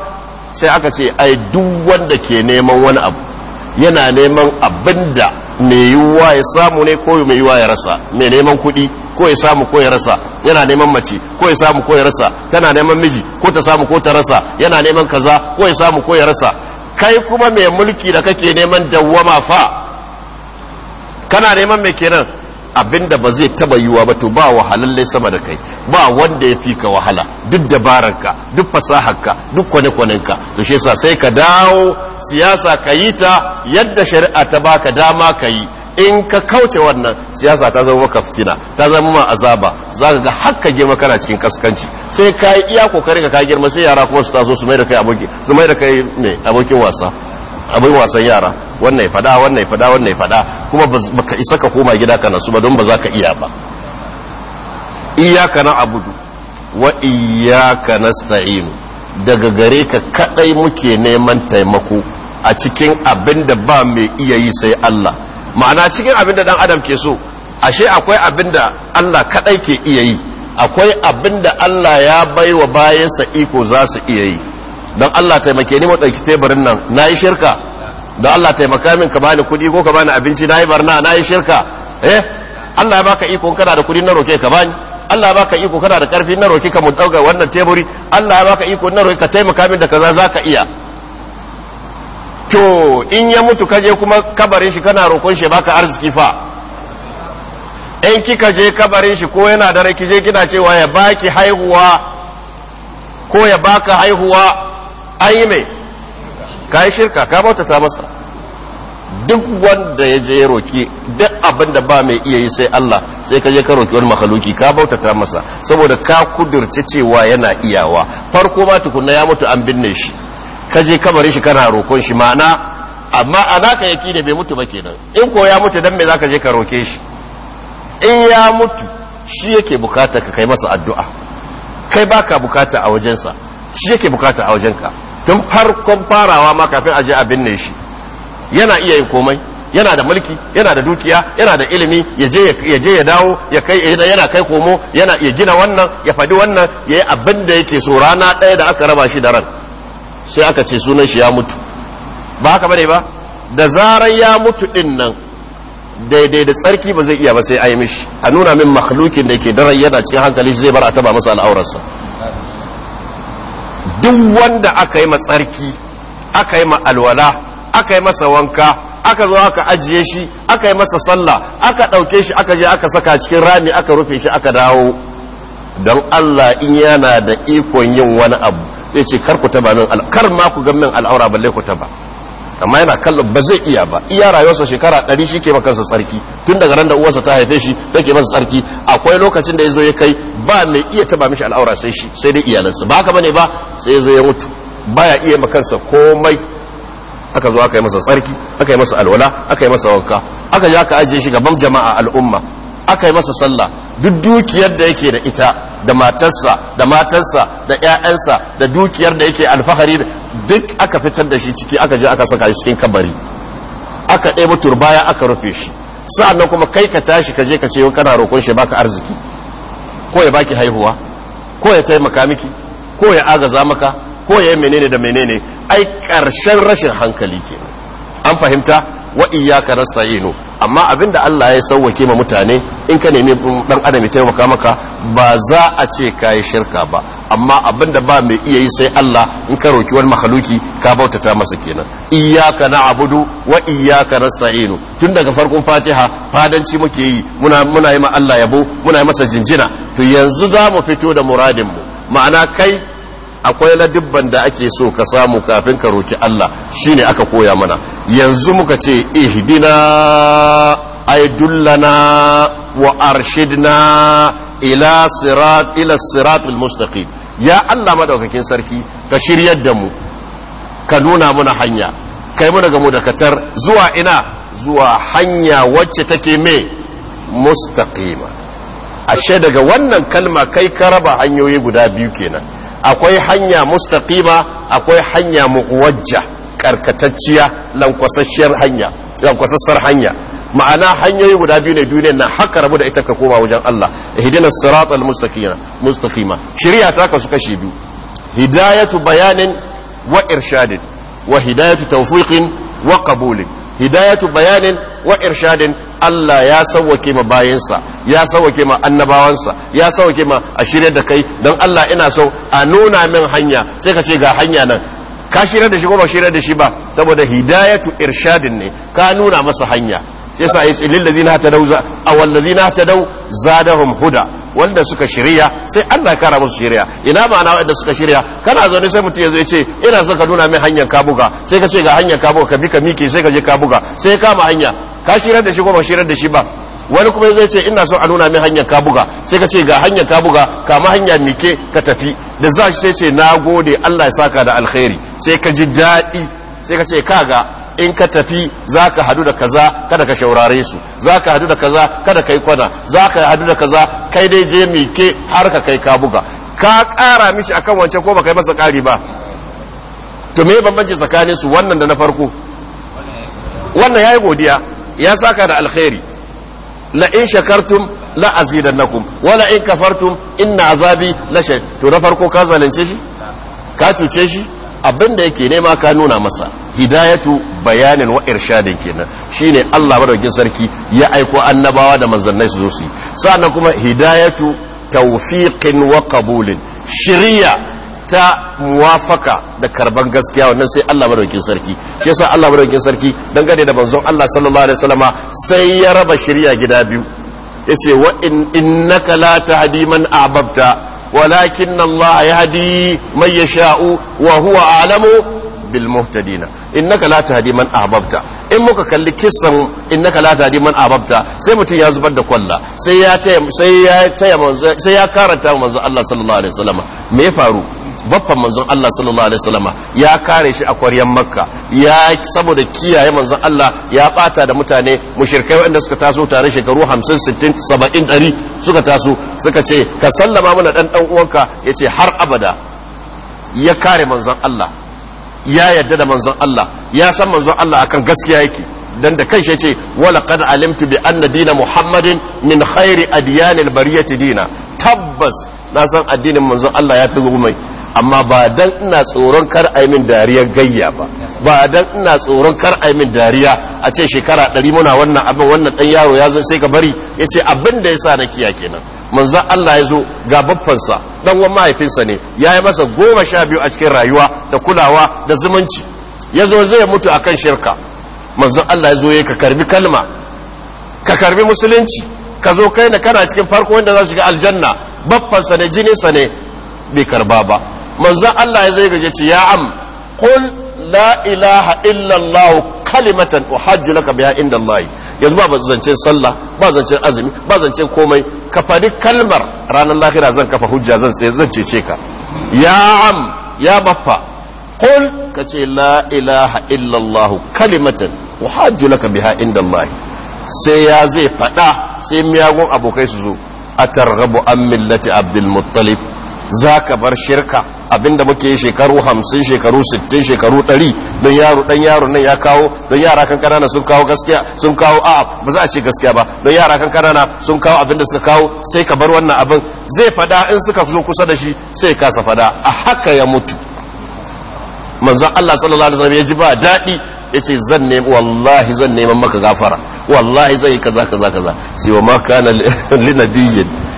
sai aka ce ai duk wanda ke neman wani abu yana neman abinda mai yiwuwa ya samu ne ko mai yiwuwa ya rasa mai neman kuɗi ko ya samu ko ya rasa yana neman mace ko ya samu ko ya rasa tana neman miji ko ta samu ko ta rasa yana neman kaza ko ya samu ko ya rasa kai kuma mai mulki da kake neman dawwama fa kana neman mai kenan abinda ba zai taba yiwa ba to ba wahalalle sama da kai ba wanda ya fi ka wahala duk dabararka duk fasaharka duk kwane-kwanenka to shi sai ka dawo siyasa ka yi ta yadda shari'a ta baka dama ka yi in ka kauce wannan siyasa ta zama maka fitina ta zama ma azaba za ka ga ka girma kana cikin kaskanci sai ka yi iya kokarin ka girma sai yara kuma su taso su mai da kai abokin su abokin wasan yara wannan ya fada wannan ya fada wannan ya fada kuma baka isa ka koma gida ka nasu ba don ba za ka iya ba iyyaka abudu wa iyyaka nasta'in daga gare ka kadai muke neman taimako a cikin abin da ba mai iya yi sai Allah ma'ana cikin abin da dan adam ke so ashe akwai abin da Allah kadai ke iya yi akwai abin da Allah ya baiwa bayansa iko za su iya yi don Allah taimake ni mu ɗauki teburin nan na yi shirka da Allah taimaka min ka bani kudi ko ka bani abinci na yi barna na yi shirka eh Allah ya baka iko kana da kudi na roke ka bani Allah ya baka iko kana da karfi na roke ka mu dauka wannan teburi Allah ya baka iko na roke ka taimaka min da kaza zaka iya to in ya mutu kaje kuma kabarin shi kana roƙon shi baka arziki fa in kika je kabarin shi ko yana da rai kije kina cewa ya baki haihuwa ko ya baka haihuwa yi mai ka yi shirka ka bauta ta masa duk wanda ya je ya roki duk abinda ba mai iya yi sai Allah sai ka je ka roki wani makaluki ka bauta ta masa saboda ka kudurci cewa yana iyawa farko ma tukunna ya mutu an binne shi ka je bari shi kana rokon shi ma'ana amma a naka yaki da bai mutu ba kenan in ko ya mutu dan me zaka je ka roke shi in ya mutu shi yake bukata ka kai masa addu'a kai baka bukata a wajensa shi yake bukata a wajenka tun farkon farawa ma kafin aje a binne shi yana iya yin komai yana da mulki yana da dukiya yana da ilimi ya je ya dawo ya kai yana kai komo yana ya gina wannan ya faɗi wannan ya yi abin da yake so rana ɗaya da aka raba shi da ran sai aka ce sunan shi ya mutu ba haka bane ba da zaran ya mutu din nan daidai da tsarki ba zai iya ba sai a yi mishi a nuna min makhlukin da ke daren yana cikin hankali zai bar a taba masa al'aurarsa duk wanda aka yi matsarki aka yi alwala aka yi masa wanka aka zo aka ajiye shi aka yi masa sallah aka ɗauke shi aka je aka saka cikin rami aka rufe shi aka dawo don Allah in yana da ikon yin wani abu ya ce kar ku taba min kar ma ku gan min al'aura balle ku taba amma yana kallon ba zai iya ba iya rayuwarsa shekara ɗari shi ke makansa tsarki tun daga ran da uwarsa ta haife shi take masa tsarki akwai lokacin da ya zo ya kai ba mai iya taba mishi al'aura sai shi sai dai iyalansa ba haka bane ba sai yazo ya mutu baya iya kansa komai aka zo aka yi masa tsarki aka yi masa alwala aka yi masa wanka aka je aka ajiye shi gaban jama'a al'umma aka yi masa sallah duk dukiyar da yake da ita da matarsa da matarsa da ƴaƴansa da dukiyar da yake alfahari duk aka fitar da shi ciki aka je aka saka shi cikin kabari aka ɗebo turbaya aka rufe shi sa'annan kuma kai ka tashi ka je ka ce kana roƙon shi baka arziki ko ya baki haihuwa ko ya taimaka miki ko ya agaza maka ko ya yi menene da menene ai ƙarshen rashin hankali ke an fahimta wa rasta ino amma abinda Allah ya sauwake ma mutane in ka nemi dan adam ya taimaka maka ba za a ce kai shirka ba amma abin da ba mai iya yi sai Allah in ka roki wani mahaluki ka bautata masa kenan iyyaka abudu wa iyyaka nasta'inu tun daga farkon Fatiha fadanci muke yi muna muna yi ma Allah yabo muna yi masa jinjina to yanzu za mu fito da muradin mu ma'ana kai akwai ladibban da ake so ka samu kafin ka roki Allah shine aka koya mana yanzu muka ce ihdina أيدلنا وأرشدنا إلى صراط ya Allah madaukakin sarki ka shiryar da mu ka nuna muna hanya kai muna gamu mu da katar zuwa ina zuwa hanya wacce take me mustaqima ashe daga wannan kalma kai ka raba hanyoyi guda biyu kenan akwai hanya mustaqima akwai hanya muwajja karkatacciya lankwasasshiyar hanya kwasassar hanya ma'ana hanyoyi guda biyu ne duniyar nan haka rabu da ita ka koma wajen Allah ihdina siratal mustaqima mustaqima shari'a ta su kashi biyu hidayatu bayanin wa irshadin wa hidayatu tawfiqin wa qabulin hidayatu bayanin wa irshadin Allah ya sauwake ma bayansa ya sauwake ma annabawansa ya sauwake ma a shirya da kai don Allah ina so a nuna min hanya sai ka ce ga hanya nan ka shirar da shi ko ba shirar da shi ba saboda hidayatu irshadin ne ka nuna masa hanya sai sa yace lil ladina tadaw za awal ladina tadaw zadahum huda wanda suka shirya sai Allah kara musu shirya ina ma'ana wanda suka shirya kana zaune sai mutum yazo yace ina son ka nuna min hanyar ka buga sai ka ce ga hanyar ka buga ka bi ka miki sai ka je ka buga sai ka ma hanya ka shirar da shi ko ba shirar da shi ba wani kuma zai ce ina son a nuna min hanyar ka buga sai ka ce ga hanyar ka buga kama hanya mike ka tafi da za shi sai ce na gode Allah ya saka da alkhairi sai ka ji daɗi sai ka ce kaga in ka tafi za ka hadu da kaza kada ka shaurare su za ka hadu da kaza kada ka yi kwana za ka hadu da kaza kai dai je mike har ka kai ka buga ka ƙara mishi akan wancan ko ba kai masa ƙari ba to me bambanci tsakanin su wannan da na farko wannan ya yi godiya ya saka da alkhairi la in shakartum la azidannakum wa in kafartum inna azabi la shay to na farko ka zalunce shi ka cuce shi abinda yake nema ka nuna masa hidayatu bayanin wa irshadin kenan shine Allah madaukin sarki ya aiko annabawa da manzannai su zo su yi sannan kuma hidayatu tawfiqin wa qabulin shiriya ta muwafaka da karban gaskiya wannan sai Allah madaukin sarki shi yasa Allah madaukin sarki dangane da manzon Allah sallallahu alaihi wasallama sai ya raba shari'a gida biyu yace wa in innaka la tahdi man ahbabta walakin Allah yahdi man yasha'u wa huwa a'lamu bil muhtadina innaka la tahdi man ababta in muka kalli kissan innaka la tahdi man ababta sai mutum ya zubar da kwalla sai ya taya sai ya sai ya karanta manzo Allah sallallahu alaihi wasallam me ya faru baffan manzon Allah sallallahu alaihi wasallama ya kare shi a kwaryan makka ya saboda kiyaye manzon Allah ya bata da mutane mushrikai wanda suka taso tare shekaru 50 60 70 100 suka taso suka ce ka sallama mana dan dan uwanka yace har abada ya kare manzon Allah ya yarda da manzon Allah ya san manzon Allah akan gaskiya yake dan da kanshi yace wala qad alimtu bi anna dina muhammadin min khairi adyanil bariyati dina tabbas na san addinin manzon Allah ya fi mai amma ba dan ina tsoron kar a min dariya gayya ba ba dan ina tsoron kar a min dariya a ce shekara ɗari muna wannan abin wannan ɗan yaro ya zo sai ka bari ya ce abin da ya sa na kiya kenan manzo Allah ya zo ga babbansa dan wani mahaifinsa ne ya yi masa goma sha biyu a cikin rayuwa da kulawa da zumunci ya zo zai mutu akan shirka manzo Allah ya zo ya ka karbi kalma ka karbi musulunci ka zo kai na kana cikin farko wanda za su shiga aljanna babbansa ne jininsa ne bai karba ba manzon Allah ya zai gaje ce ya am kul la ilaha illa Allah kalimatan uhajju laka biha inda Allah yanzu ba zance sallah ba zance azumi ba zance komai ka fadi kalmar ranar lahira zan kafa hujja zan sai zan cece ka ya am ya baffa kul ka ce la ilaha illa Allah kalimatan uhajju laka biha inda Allah sai ya zai faɗa sai miyagun abokai su zo a targhabu an millati abdul muttalib za ka bar shirka abinda muke yi shekaru hamsin shekaru sittin shekaru 100 don yaro dan yaro nan ya kawo don yara kan kanana sun kawo gaskiya sun kawo a'a ba za a ce gaskiya ba don yara kan kanana sun kawo abinda suka kawo sai ka bar wannan abin zai fada in suka zo kusa da shi sai kasa fada a haka ya mutu manzon Allah sallallahu alaihi wasallam ya ji ba daɗi yace zan nemi wallahi zan neman maka gafara wallahi zai kaza kaza kaza sai wa ma kana linabiyyin [laughs]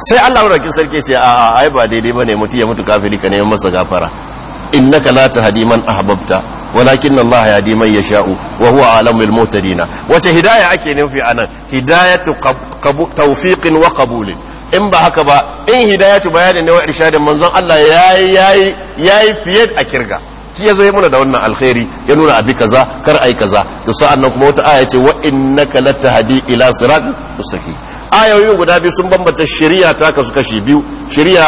sai Allah rakin sarki ce a ai ba daidai bane mutu ya mutu kafiri ka neman masa gafara innaka la tahdi man ahbabta walakin Allah yahdi man yasha'u wa huwa alamul mutadina wace hidaya ake nufi anan hidayatu tawfiqin wa in ba haka ba in hidayatu bayanin ne wa irshadin manzon Allah yayi yayi yayi fiye a kirga ki ya zo ya muna da wannan alkhairi ya nuna abi kaza kar ai kaza to sa'an nan kuma wata aya ce wa innaka latahdi ila sirat mustaqim ayoyin guda biyu sun bambanta shari'a ta kasu kashi biyu shari'a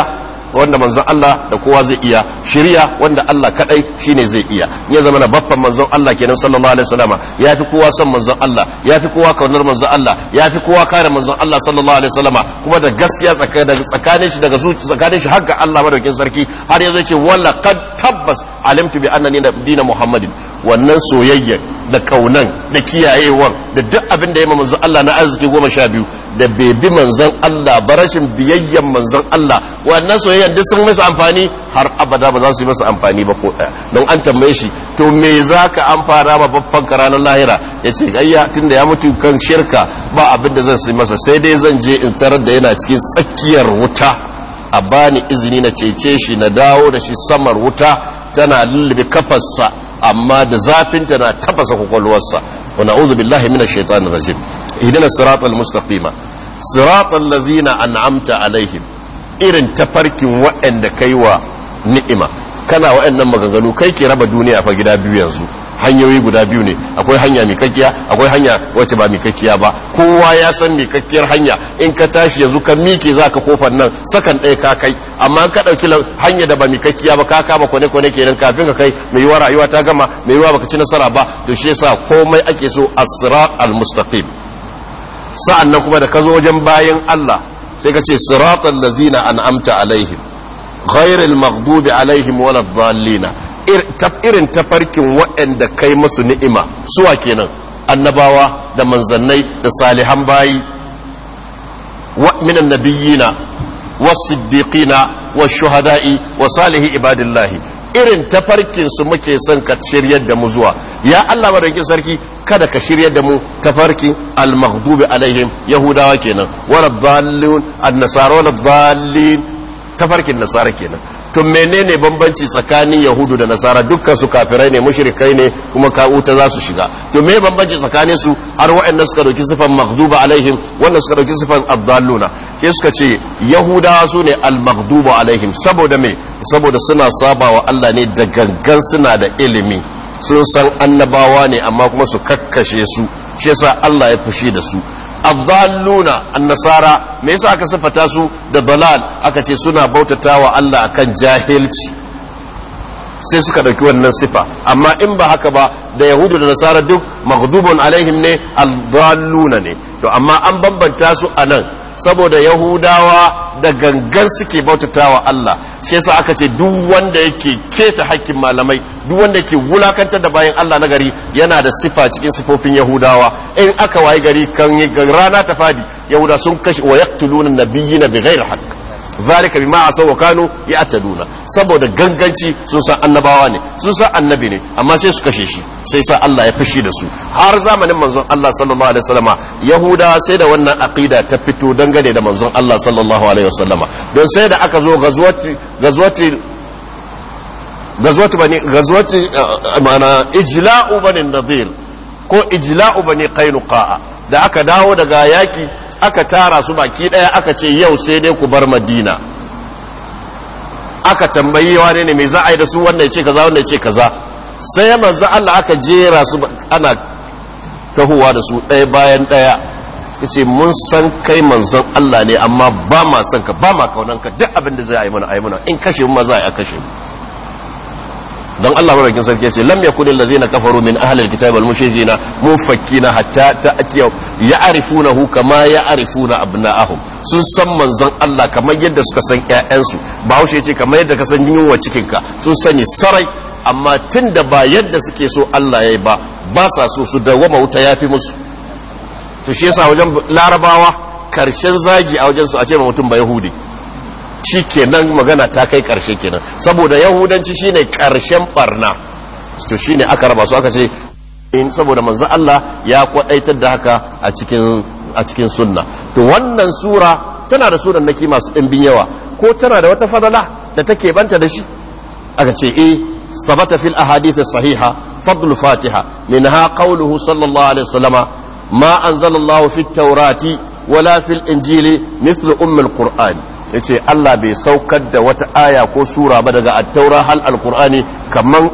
wanda manzon Allah da kowa zai iya shiriya wanda Allah kadai shine zai iya ya zama na baffan manzon Allah kenan sallallahu alaihi wasallama yafi kowa son manzon Allah yafi kowa kaunar manzon Allah yafi kowa kare manzon Allah sallallahu alaihi wasallama kuma da gaskiya tsakanin shi daga zuci tsakanin shi har ga Allah madaukin sarki har zai ce wala qad tabbas alimtu bi annani nabiyina muhammadin wannan soyayya da kaunan da kiyayewan da duk abin da ya manzo Allah na arziki goma sha biyu da bai bi manzon Allah ba rashin biyayyen manzon Allah wannan soyayyar duk sun masa amfani har abada ba za su yi masa amfani ba ko ɗaya don an tambaye shi to me za ka amfana ba babban ranar lahira ya ce tun da ya mutu kan shirka ba abin da zan su masa sai dai zan je in tarar da yana cikin tsakiyar wuta a bani izini na cece shi na dawo da shi samar wuta tana lullube kafarsa amma da zafinta na tafasa kwakwalwarsa wa na'udhu billahi minash shaitanir rajim ihdina siratal mustaqima siratal ladzina an'amta alaihim irin tafarkin waɗanda kai wa ni'ima kana waɗannan maganganu kai ke raba duniya fa gida biyu yanzu hanyoyi guda biyu ne akwai hanya mikakkiya akwai hanya wacce ba mikakkiya ba kowa ya san mikakkiyar hanya in ka tashi yanzu ka mike za ka kofar nan sakan ɗaya ka kai amma ka ɗauki hanya da ba mikakkiya ba ka kama kone kone kenan kafin ka kai mai yiwa rayuwa ta gama mai yiwa baka ci nasara ba to shi yasa komai ake so as al-mustaqim sa'annan kuma da ka zo wajen bayan Allah sai ka ce siratal ladzina an'amta alaihim ghairil maghdubi alaihim walad dallina irin tafarkin waɗanda kai masu ni'ima suwa kenan annabawa da manzannai da salihan bayi minan nabiyina wa siddiqina wa wa shuhada'i salihi ibadillahi irin tafarkin su muke son ka shiryar da mu zuwa ya Allah madaukakin sarki kada ka shiryar da mu tafarkin al-maghdubi alaihim yahudawa kenan wa rabbalun an-nasara wa tafarkin nasara kenan Tun menene bambanci tsakanin yahudu da nasara dukkan su kafirai ne mushrikai ne kuma kawuta za su shiga to me bambanci tsakanin su har waɗanda suka dauki sifan maghduba alaihim wanda suka dauki sifan addalluna ke suka ce yahudawa su ne al maghduba alaihim saboda me saboda suna sabawa Allah ne da gangan suna da ilimi sun san annabawa ne amma kuma su kakkashe su shi yasa Allah ya fushi da su adhalluna annasara me yasa aka sifata su da balal aka ce suna bautatawa Allah akan jahilci sai suka dauki wannan sifa amma in ba haka ba da yahudu da nasara duk maghdubun alaihim ne adhalluna ne to amma an bambanta su anan saboda yahudawa da gangan suke bautata wa Allah shi yasa aka ce duk wanda yake keta hakkin malamai duk wanda yake wulakantar da bayan Allah na gari yana da sifa cikin sifofin yahudawa in aka wayi gari kan rana ta fadi yahuda sun kashe wa yaqtuluna nabiyina bighairi haqq zalika bima asaw wa kanu ya'taduna saboda ganganci sun san annabawa ne sun san annabi ne amma sai su kashe shi sai sa Allah ya fushi da su har zamanin manzon Allah sallallahu alaihi wasallama yahuda sai da wannan aqida ta fito dangane da manzon Allah sallallahu alaihi wasallama don sai da aka zo gazwati gazwati gazwati bani gazwati eh, eh, mana ijla'u bani nadir ko ijla'u bani qainuqa'a da aka dawo daga yaki aka tara su baki daya aka ce yau sai dai ku bar madina aka tambayi wane ne mai za a yi da su wannan ce kaza wannan ce kaza sai manzo Allah aka jera su ana tahowa da su ɗaya bayan ɗaya suka ce mun san kai manzon Allah ne amma ba ma san ka ba ma kaunan ka duk abin da zai yi mana ayi mana in kashe mu ma za a kashe mu don Allah madaukin sarki yace lam yakun allazina kafaru min ahli na almushrikina mufakkina hatta ta ta'tiya ya'rifunahu kama ya'rifuna abna'ahum sun san manzon Allah kamar yadda suka san ƴaƴansu ba haushe yace kamar yadda ka san yunwa cikin ka sun sani sarai amma tun da ba yadda suke so Allah yayi ba ba sa so su wama wuta yafi musu to shi yasa wajen larabawa karshen zagi a wajen su a ce mutum ba yahudi shi kenan magana ta kai karshe kenan saboda yahudanci shine karshen barna to shine aka raba su aka ce in saboda manzo Allah ya kwadaitar da haka a cikin a cikin sunna to wannan sura tana da suran naki masu dimbin yawa ko tana da wata fadala da take banta da shi aka ce eh sabata fil الأحاديث الصحيحة فضل فاتحة منها قوله sallallahu alaihi عليه وسلم ما أنزل الله في التوراة ولا في الإنجيل ya ce Allah bai saukar da wata aya ko sura ba daga attaura hal al kaman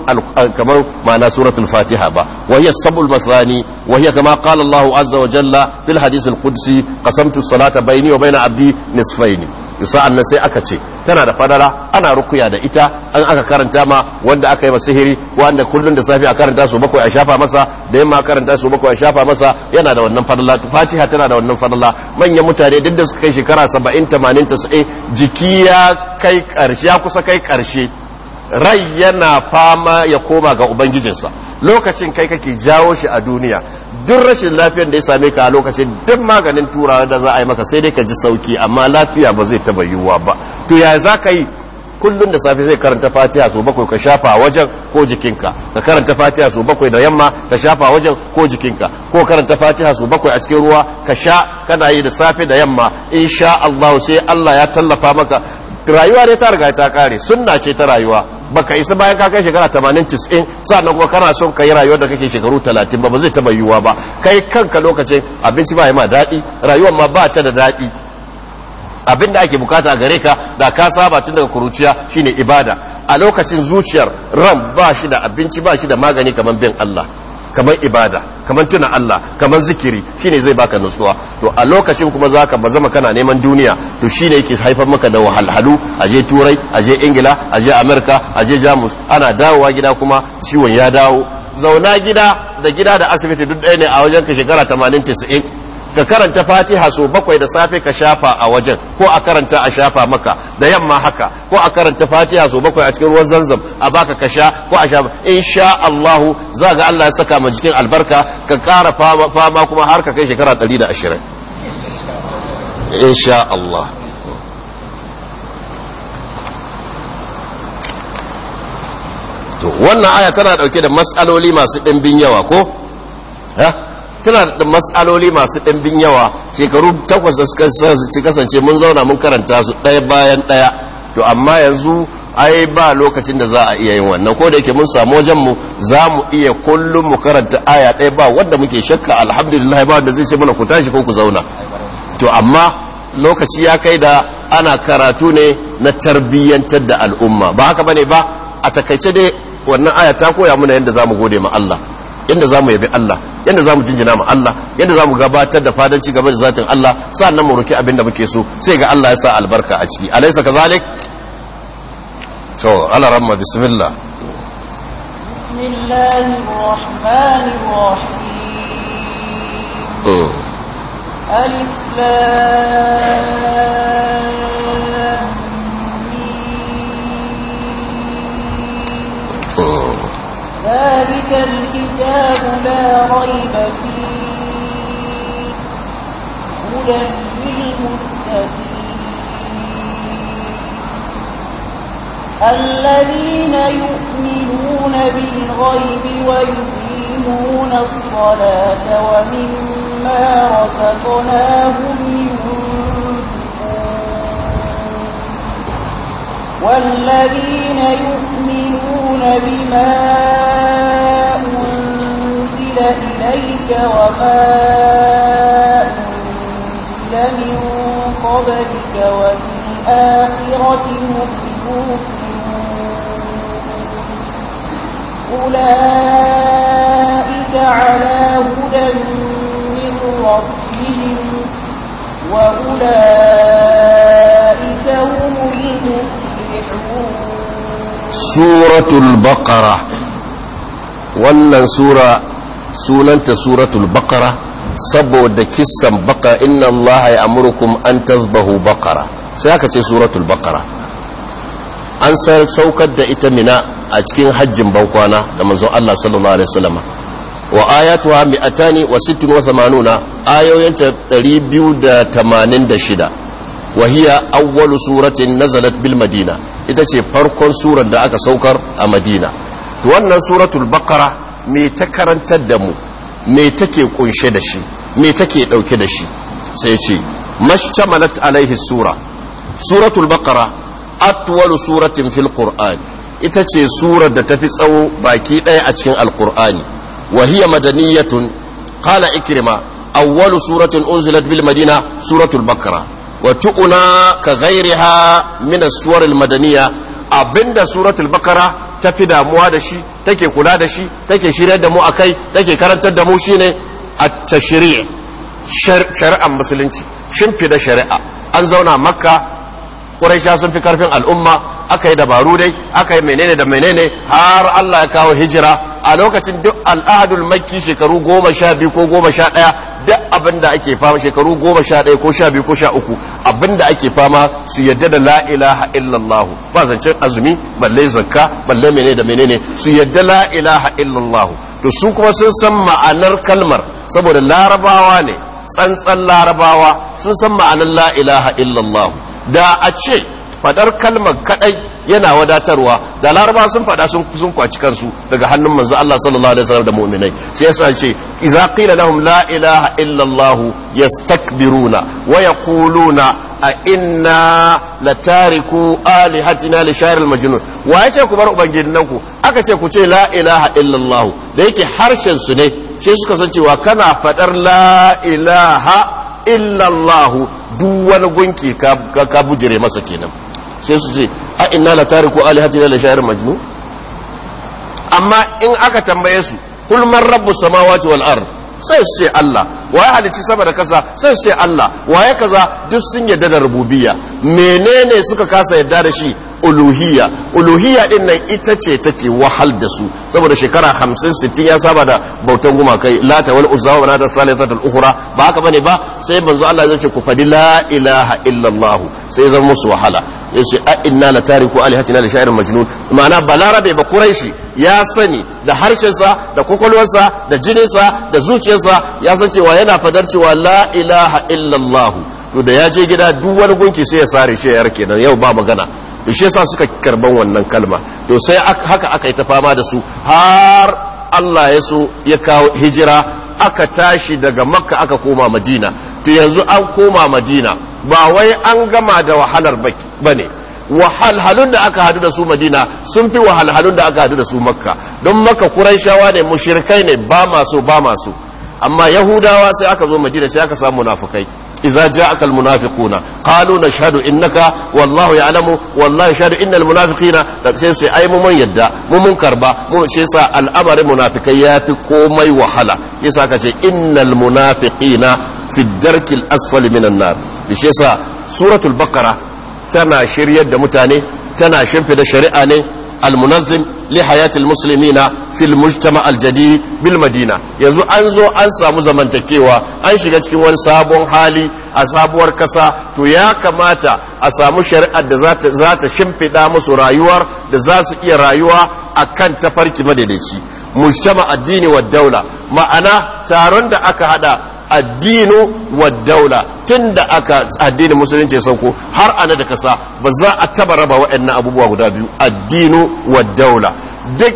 kaman ma'ana suratul fatiha ba wa hiya sabul masani wa hiya kama qala Allah azza wa jalla fil hadith al-qudsi qasamtu salata bayni wa bayna abdi nisfayn yasa sai aka ce tana da fadala ana rukuya da ita an aka karanta ma wanda aka yi masa sihiri wanda kullun da safi a karanta su bakwai a shafa masa da yamma karanta su bakwai a shafa masa yana da wannan fadala fatiha tana da wannan fadala manyan mutane duk da suka kai shekara 70 80 90 jiki ya kai karshe ya kusa kai karshe rai yana fama ya koma ga ubangijinsa lokacin kai kake jawo shi a duniya duk rashin lafiyar da ya same ka a lokacin duk maganin turawa da za a yi maka sai dai ka ji sauki amma lafiya ba zai taba yiwuwa ba to ya za ka yi kullum da safe zai karanta fatiha so bakwai ka shafa wajen ko jikinka ka karanta fatiha so bakwai da yamma ka shafa wajen ko jikinka ko karanta fatiha so bakwai a cikin ruwa ka sha kana yi da safe da yamma insha Allah sai Allah ya tallafa maka rayuwa ne ta riga ta kare sunna ce ta rayuwa baka isa bayan ka kai shekara 80 90 sannan kuma kana son kai rayuwa da kake shekaru 30 ba ba zai taba yiwuwa ba kai kanka lokacin abinci ba ya ma daɗi rayuwar ma ba ta da daɗi abin da ake bukata gare ka da ka saba tun daga kuruciya shine ibada a lokacin zuciyar ran ba shi da abinci ba shi da magani kamar bin Allah kamar ibada kamar tuna Allah kamar zikiri shine zai baka nutsuwa to a lokacin kuma zaka bazama kana neman duniya to shine yake haifar maka da wahalhalu aje turai aje ingila aje amerika aje jamus ana dawowa gida kuma ciwon ya dawo zauna gida da gida da asibiti duk ɗaya ne a wajen ka shekara 80 90 ka karanta fatiha so bakwai da safe ka shafa a wajen ko a karanta a shafa maka da yamma haka ko a karanta fatiha so bakwai a cikin ruwan zanzam a baka ka sha ko a shafa insha Allah za ga Allah ya saka ma jikin albarka ka kara fama kuma har ka kai shekara 120 insha Allah wannan aya tana dauke da matsaloli masu ɗimbin yawa ko tana da matsaloli masu ɗimbin yawa shekaru takwas da suka kasance mun zauna mun karanta su ɗaya bayan ɗaya to amma yanzu ai ba lokacin da za a iya yin wannan ko da yake mun samu wajen mu za mu iya kullum mu karanta aya ɗaya ba wanda muke shakka alhamdulillah ba wanda zai ce mana ku tashi ko ku zauna to amma lokaci ya kai da ana karatu ne na tarbiyyantar da al'umma ba haka bane ba a takaice dai wannan aya ta koya mana yadda za mu gode ma Allah yadda za mu yabi Allah yadda za mu jinjina ma Allah yadda za mu gabatar da fadanci gaba da zatin Allah nan mu roki abin da muke so sai ga Allah ya sa albarka a ciki alaysa kazalik to ala ramma bismillah bismillahir rahmanir rahim hmm. alif lam ذلك الكتاب لا ريب فيه هدى للمتقين الذين يؤمنون بالغيب ويقيمون الصلاة ومما رزقناهم يؤمنون والذين يؤمنون بما أنزل إليك وما أنزل من قبلك وبالآخرة هم أولئك على هدى من ربهم وأولئك هم المفلحون suratul baqara wannan sura sunanta suratul baqara saboda kissan baqara inna allaha ya amurkum an tazbahu baqara sai aka ce suratul baqara an saukar da ita mina a cikin hajjin bankwana da manzon Allah sallallahu alaihi wasallam wa ayatuha mi'atani wa sittin wa thamanuna ayoyinta 286 wa hiya awwalu suratin nazalat bil madina ita ce farkon surar da aka saukar a madina wannan suratul bakara me ta karantar da mu me take kunshe da shi me take dauke da shi sai ce mashtamalat alaihi sura suratul bakara atwalu suratin fil qur'an ita ce surar da tafi tsawo baki ɗaya a cikin alkur'ani wa hiya madaniyatun qala ikrima awwalu suratin unzilat bil madina suratul bakara wa tu'una ka gairi ha suwar abinda suratul bakara ta fi damuwa da shi take kula da shi take shiryar da mu a akai take karantar da mu shine at-tashri' shari'ar musulunci shimfi da shari'a an zauna makka quraisha sun fi karfin al'umma aka yi dabaru dai aka yi menene da menene har Allah ya kawo hijira a lokacin duk al'adul makki shekaru goma sha biyu ko goma sha ɗaya duk abin da ake fama shekaru goma sha ɗaya ko sha biyu ko sha uku abin da ake fama su yadda da la ilaha illallahu ba zancen azumi balle zakka balle menene da menene su yadda la ilaha illallahu to su kuma sun san ma'anar kalmar saboda larabawa ne tsantsan larabawa sun san ma'anar la ilaha illallahu da a ce fadar kalmar kadai yana wadatarwa da laraba sun fada sun sun kwaci kansu daga hannun manzo Allah sallallahu alaihi wasallam da mu'minai sai yasa ce idza qila lahum la ilaha illa Allah yastakbiruna wa yaquluna a inna Ali alihatina li al majnun wa yace ku bar ubangijin ku aka ce ku ce la ilaha illa Allah da yake harshen su ne sai suka san cewa kana fadar la ilaha illallahu duk wani gunki ka bujire masa kenan sai su ce a inna la tariku alihati la shayar majnu amma in aka tambaye su kul man rabbus samawati wal ard sai su ce Allah waye halicci sama da kasa sai su ce Allah waye kaza duk sun yadda da rububiya menene suka kasa yadda da shi uluhiyya uluhiya din nan ita ce take wahal da su saboda shekara 50 60 ya saba da bautan gumakai ta wal uzza wa ta salisata al ukhra ba haka bane ba sai manzo Allah ya ce ku fadi la ilaha illallah sai zama musu wahala ya ce a inna la tariku alihatina da sha'irin majnun ma'ana balarabe ba quraishi ya sani da harshensa da kwakwalwarsa da jininsa da zuciyarsa ya san cewa yana fadar cewa la ilaha illallah to da ya je gida duk wani gunki sai ya sare shi ya rake nan yau ba magana to shi yasa suka karban wannan kalma to sai haka aka yi ta fama da su har Allah ya so ya kawo hijira aka tashi daga makka aka koma madina to yanzu an koma madina ba wai an gama da wahalar ba ne wahalhalun da aka hadu da su madina sun fi wahalhalun da aka hadu da su makka don makka shawa ne mushirikai ne ba masu ba masu amma yahudawa sai aka zo madina sai aka samu munafikai idza ja'aka almunafiquna qalu nashhadu innaka wallahu ya'lamu wallahu shahadu innal munafiqina da sai sai ai mu mun yadda mu mun karba mu ce sa al'amari munafikai yafi komai wahala yasa ka ce innal munafiqina fi darki al-asfali minan nar shi yasa suratul baqara tana shiryar da mutane tana shimfida shari'a ne المنظم لحياة المسلمين في المجتمع الجديد بالمدينة يزو أنزو أنسى مزمن تكيوة أنشي جاتكي وان سابون حالي أصابوار كسا تو يا كماتا أسامو شريعة ذات ذات شمبي داموس رايوار دزاس إيا رايوار أكان تفرق مددتي مجتمع الدين والدولة daula ma'ana taron da aka hada addinu wa daula tun da aka addinin musulunci sauko har ana da kasa ba za a taba raba waɗannan abubuwa guda biyu addinu wa daula duk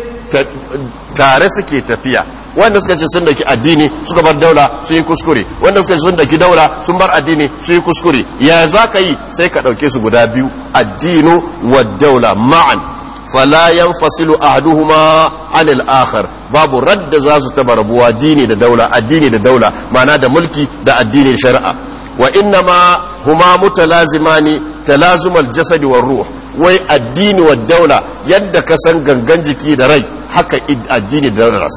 tare suke tafiya wanda suka ce sun daki addini suka bar daula su yi kuskure wanda suka ce sun daki daula sun bar addini su yi kuskure ya za ka yi sai ka ɗauke su guda biyu addinu wa daula ma'an fala yanfasilu ahaduhuma anil akhar babu radda za su taba rabuwa dini da daula addini da daula ma'ana da mulki da addinin shari'a wa innama huma mutalazimani talazumal jasadi warro wai addini wa daula yadda ka san gangan jiki da rai haka addini da daula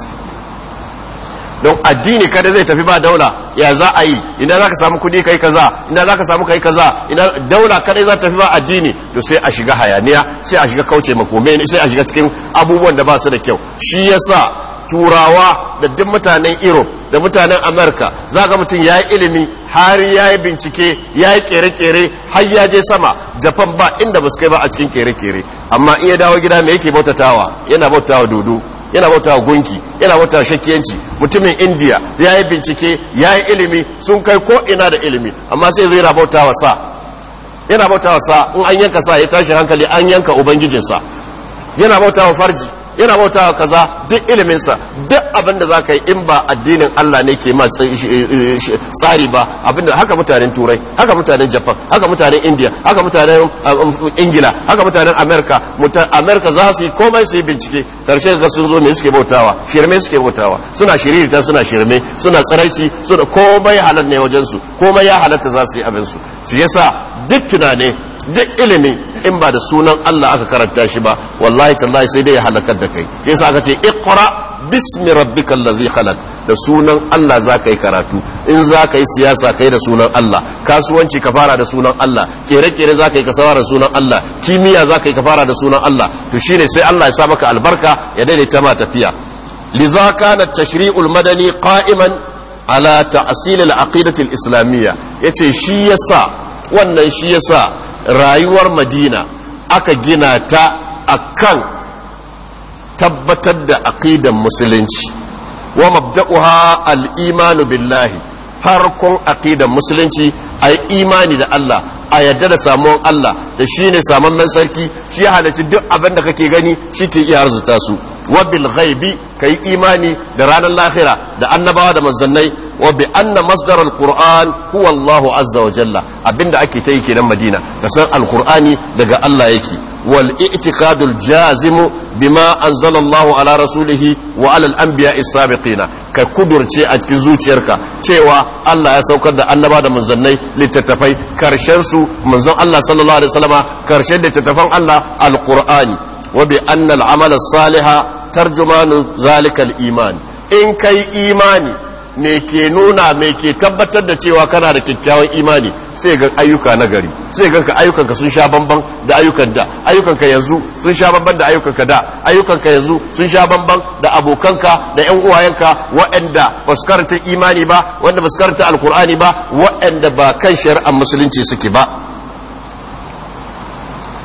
don addini kada zai tafi ba daula ya za a yi ina za ka samu kudi kai kaza ina za ka samu kai kaza ina daula kada za tafi ba addini to sai a shiga hayaniya sai a shiga kauce makome sai a shiga cikin abubuwan da ba su da kyau shi yasa turawa da duk mutanen europe da mutanen america za ga mutum ya yi ilimi har ya yi bincike ya yi kere-kere har ya je sama japan ba inda ba su kai ba a cikin kere-kere amma in ya dawo gida mai yake bautatawa yana bautatawa dodo yana bautawa gunki yana bautawa shakiyanci mutumin india ya yi bincike ya yi ilimi sun kai ko ina da ilimi amma sai zai yana bautawa sa yana bautawa sa in an yanka sa ya tashi hankali an yanka ubangijinsa yana bautawa farji yana bauta wa kaza duk iliminsa duk abin da za ka yi in ba addinin Allah ne ke ma tsari ba abinda haka mutanen turai haka mutanen japan haka mutanen india haka mutanen um, ingila haka mutanen amerika amerika za su yi komai su yi bincike karshe ga sun zo me suke bautawa shirme suke bautawa suna ta suna shirme suna tsiraici suna komai halal ne wajen su komai ya halatta za su yi abin su su yasa duk tunane duk ilimi in ba da sunan Allah aka karanta shi ba wallahi tallahi sai dai ya halakar da kai sai yasa aka ce iqra bismi rabbikal ladhi khalaq da sunan Allah za ka yi karatu in za ka yi siyasa kai da sunan Allah kasuwanci ka fara da sunan Allah kere-kere za ka yi ka da sunan Allah kimiyya za ka yi ka fara da sunan Allah to shine sai Allah ya sa maka albarka ya daidaita ma tafiya liza kana tashri'ul madani qa'iman ala ta'sil al-aqidati al-islamiyya yace shi yasa wannan shi rayuwar madina aka gina ta a kan tabbatar da aqidan musulunci wa mabda'uha imanu billahi harkon aƙidan musulunci ai imani da Allah a yadda da samuwan Allah da shi ne saman sarki shi ya halarci duk abin da kake gani shi ke iya harzuta su wa ghaibi ka yi imani da ranar lahira da annabawa da manzannai wa bi anna masdar alquran huwa Allahu azza wa jalla abinda ake ta yi kenan Madina ka san alqurani daga Allah yake wal i'tiqadul jazimu bima anzala Allahu ala rasulihi wa ala al-anbiya as-sabiqina ka kudurce a cikin zuciyarka cewa Allah ya saukar da annaba da manzannai littattafai karshen su manzon Allah sallallahu alaihi wasallama karshen littattafan Allah alqur'ani wa bi anna al-amala as-saliha tarjumanu zalika al-iman in kai imani me ke nuna me ke tabbatar da cewa kana da kyakkyawan imani sai ga ayyuka na gari sai ayyukan ayyukanka sun sha bamban da ayyukan da ayyukanka yanzu sun sha bamban da ayyukanka da ayyukanka yanzu sun sha bamban da abokanka da ƴan uwayenka waɗanda ba su karanta imani ba waɗanda ba su karanta alkur'ani ba waɗanda ba kan shari'ar musulunci suke ba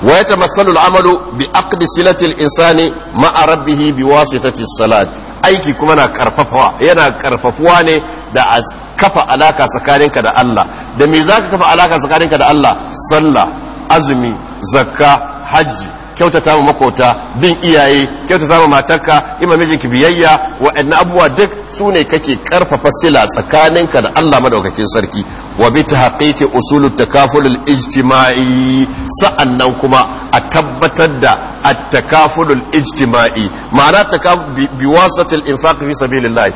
wa ya tamassalu bi aqdi silati al-insani ma'a bi wasitati salat aiki kuma na karfafawa yana karfafuwa ne da kafa alaka tsakaninka da Allah da me zaka kafa alaka tsakaninka da Allah sallah azumi zakka hajji kyautata mu makota bin iyaye kyautata ma matarka ima mijinki biyayya wa waɗannan abuwa duk su ne kake karfafa sila tsakaninka da Allah madaukakin sarki wa bi tahqiqi usulut takaful al-ijtima'i sa'annan kuma a tabbatar da at-takaful al-ijtima'i ma'ana takaf bi wasat al-infaq fi sabilillah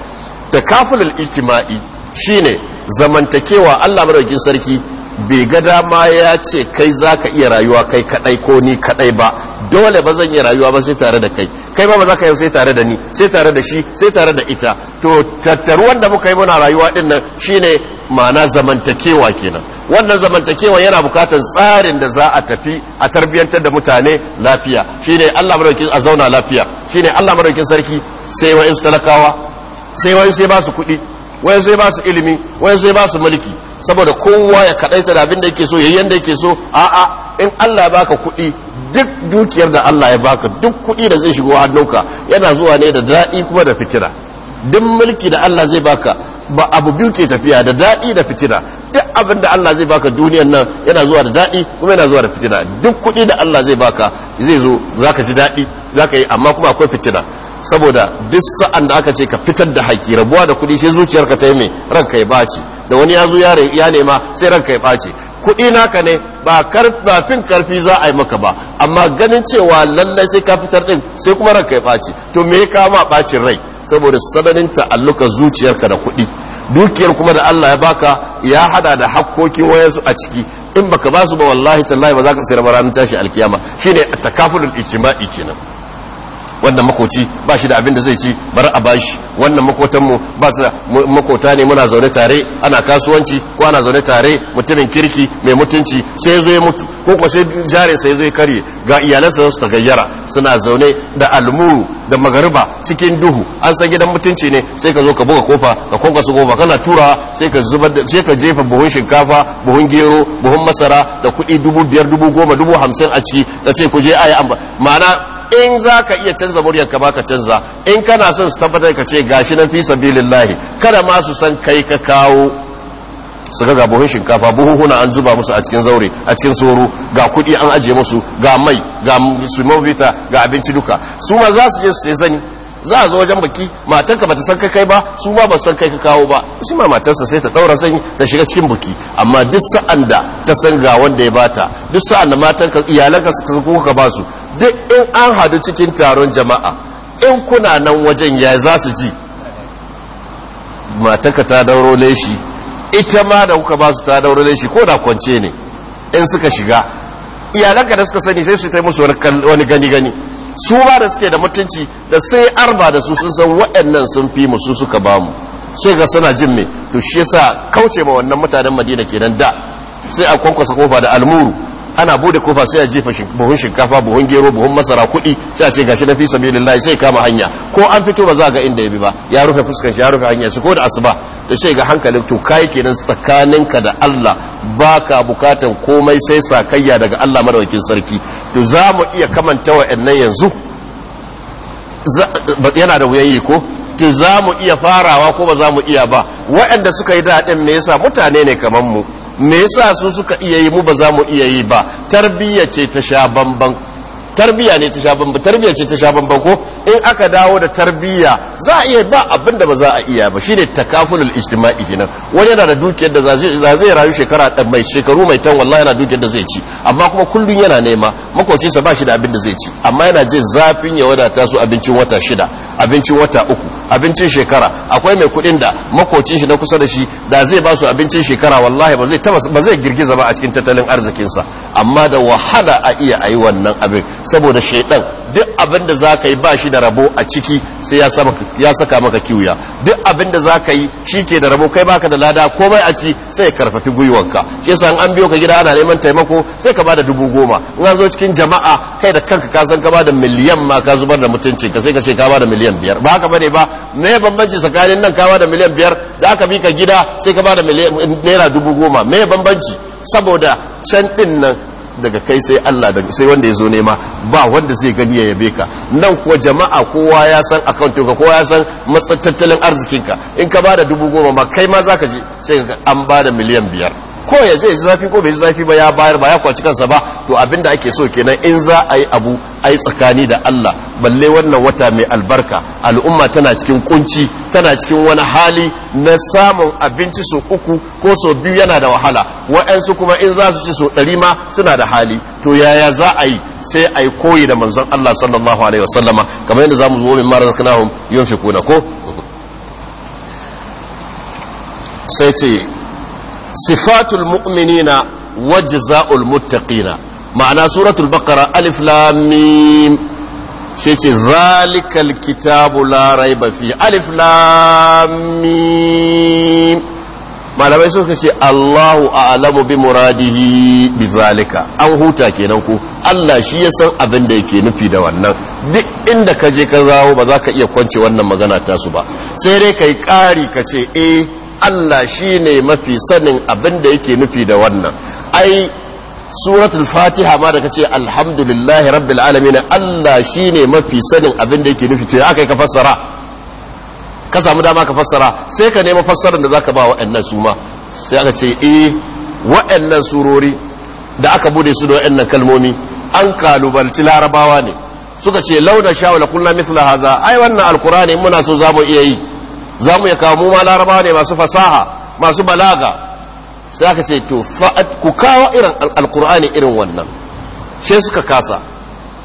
takaful al-ijtima'i shine zamantakewa Allah madaukakin sarki bai ga dama ya ce kai za ka iya rayuwa kai kadai ko ni kadai ba dole ba zan iya rayuwa ba sai tare da kai kai ba ba za ka yau sai tare da ni sai tare da shi sai tare da ita to tattaruwan da muka yi muna rayuwa din nan shine ma'ana zamantakewa kenan wannan zamantakewa yana bukatar tsarin da za a tafi a tarbiyyantar da mutane lafiya shine Allah madaukin a zauna lafiya shine Allah madaukin sarki sai wa'in talakawa sai wa'in sai ba su kuɗi wa'in sai ba su ilimi wa'in sai ba su mulki saboda kowa ya kadaita da abin da yake so yayin yanda yake so a'a in Allah ya baka kuɗi duk dukiyar da Allah ya baka duk kuɗi da zai shigo hannunka yana zuwa ne da daɗi kuma da fitina duk mulki da Allah zai baka ba abu biyu ke tafiya da daɗi da fitina duk abin da Allah zai baka duniyar nan yana zuwa da daɗi kuma yana zuwa da fitina duk kuɗi da Allah zai baka zai zo zaka ji daɗi za ka yi amma kuma akwai fitina saboda duk sa'an da aka ce ka fitar da haƙƙi rabuwa da kuɗi sai zuciyarka ta yi mai ranka ya ɓaci da wani ya zo ya nema sai ranka ya ɓaci kuɗi naka ne ba karfin karfi za a yi maka ba amma ganin cewa lallai sai ka fitar din sai kuma ranka ya ɓaci to me ya kama ɓacin rai saboda sananin ta'alluka zuciyarka da kuɗi dukiyar kuma da Allah ya baka ya hada da hakkokin wayansu a ciki in baka ba su ba wallahi tallahi ba za ka sayar ba ranar tashi alkiyama shine takafulul ijtima'i kenan wannan makoci ba shi da abin da zai ci bari a bashi wannan makotan mu ba su makota ne muna zaune tare ana kasuwanci ko ana zaune tare mutumin kirki mai mutunci sai zo ya mutu ko kwashe jare sai zai kare ga iyalansa su ta gayyara suna zaune da almuru da magariba cikin duhu an san gidan mutunci ne sai ka zo ka buga kofa ka kwanka su kofa kana tura sai ka zubar sai ka jefa buhun shinkafa buhun gero buhun masara da kuɗi dubu biyar dubu goma dubu hamsin a ciki da ce ku je a yi ma'ana in za ka iya canza muryar ka baka canza in kana son su tabbatar ka ce gashi na fi sabilillahi kada ma su san kai ka kawo su ga buhun shinkafa buhuhuna an zuba musu a cikin zaure a cikin soro ga kudi an ajiye musu ga mai ga sumovita ga abinci duka su ma za su je su sai zani za a zo wajen baki matanka ba ta san kai kai ba su ma ba san kai ka kawo ba shi ma matarsa sai ta daura sanyi ta shiga cikin buki amma duk sa'an da ta san ga wanda ya bata duk sa'an da matanka iyalanka su ko ka ba su duk in an hadu cikin taron jama'a in kuna nan wajen ya za su ji matanka ta dauro leshi ita ma da kuka ba su ta daure shi ko da kwance ne in suka shiga iyalanka da suka sani sai su ta musu wani gani gani su ba da suke da mutunci da sai arba da su sun san waɗannan sun fi mu su suka ba mu sai ga suna jin me to shi yasa kauce ma wannan mutanen madina kenan da sai a kwankwasa kofa da almuru ana bude kofa sai a jefa buhun shinkafa buhun gero buhun masara kuɗi sai a ce gashi na fi sabilillahi sai kama hanya ko an fito ba za ga inda ya bi ba ya rufe fuskar ya rufe hanya su ko da asuba da sai ga hankalin to kai kenan tsakaninka da Allah baka bukatan komai sai sakayya daga Allah madaukin sarki to za mu iya kamanta wa'annan yanzu yana da wuyayi ko to za mu iya farawa ko ba za mu iya ba waɗanda suka yi daɗin me yasa mutane ne kamar mu me yasa su suka iya yi mu ba za mu iya yi ba tarbiyya ce ta sha bamban tarbiya ne ta sha bamba tarbiya ce ta sha bamba ko in aka dawo da tarbiya za a iya ba abinda ba za a iya ba shine takafulul ijtima'i kenan wani yana da dukiyar da za zai rayu shekara mai shekaru mai tan wallahi yana dukiyar da zai ci amma kuma kullun yana nema makocinsa sa ba shi da abin da zai ci amma yana je zafin ya wadata su abincin wata shida abincin wata uku abincin shekara akwai mai kuɗin da makwacin shi na kusa da shi da zai ba su abincin shekara wallahi ba zai ba zai girgiza ba a cikin tattalin arzikinsa amma da wahala a iya ayi wannan abin saboda shaidan duk abin da zaka yi ba shi da rabo a ciki sai ya saka maka kiwuya duk abin da zaka yi shi ke da rabo kai baka da lada komai a ciki sai karfafi gwiwanka shi yasa an biyo ka gida ana neman taimako sai ka bada dubu goma in an zo cikin jama'a kai da kanka ka san ka bada miliyan ma ka zubar da mutuncin ka sai ka ce ka bada miliyan biyar ba haka bane ba me bambanci tsakanin nan ka bada miliyan biyar da aka bi ka gida sai ka bada naira dubu goma me bambanci saboda can din nan daga kai sai Allah sai wanda ya zo nema ba wanda zai gani ya yabe ka nan kuwa jama'a kowa ya san account ka kowa ya san arzikin arzikinka in ka bada dubu goma ma kai ma zaka je sai an bada miliyan biyar ko ya zai zafi ko bai zafi ba ya bayar ba ya kwanci kansa ba to abin da ake so kenan in za a yi abu a yi tsakani da Allah balle wannan wata mai albarka al'umma tana cikin kunci tana cikin wani hali na samun abinci so uku ko so biyu yana da wahala waɗansu kuma in za su ci so ɗari ma suna da hali to yaya za a yi sai a yi koyi da manzon Allah sallallahu alaihi wasallama kamar yadda za mu zo min mara yunfikuna ko sai ce sifatul mu'minina wajza'ul muttaqina ma'ana suratul baqara alif lam mim sai ce zalikal kitabu la raiba alif lam malamai suka ce Allahu a'lamu bi muradihi bi zalika an huta kenan ko Allah shi ya san abin da yake nufi da wannan duk inda kaje ka zawo ba za ka iya kwance wannan magana tasu ba sai dai kai ƙari ka ce eh Allah shi ne mafi sanin abin da yake nufi da wannan ai suratul fatiha ma da kace alhamdulillahi rabbil alamin Allah shi ne mafi sanin abin da yake nufi to ya kai ka fassara ka samu dama ka fassara sai ka nemi fassarar da zaka ba wa'annan su ma sai aka ce eh wa'annan surori da aka bude su da waɗannan kalmomi an kalubalci larabawa ne suka ce launa sha'ula kullu mithla haza ai wannan alqur'ani muna so zamu iya yi za mu ya kawo mu ma larabawa ne masu fasaha masu balaga sai aka ce to ku kawo irin alkur'ani irin wannan sai suka kasa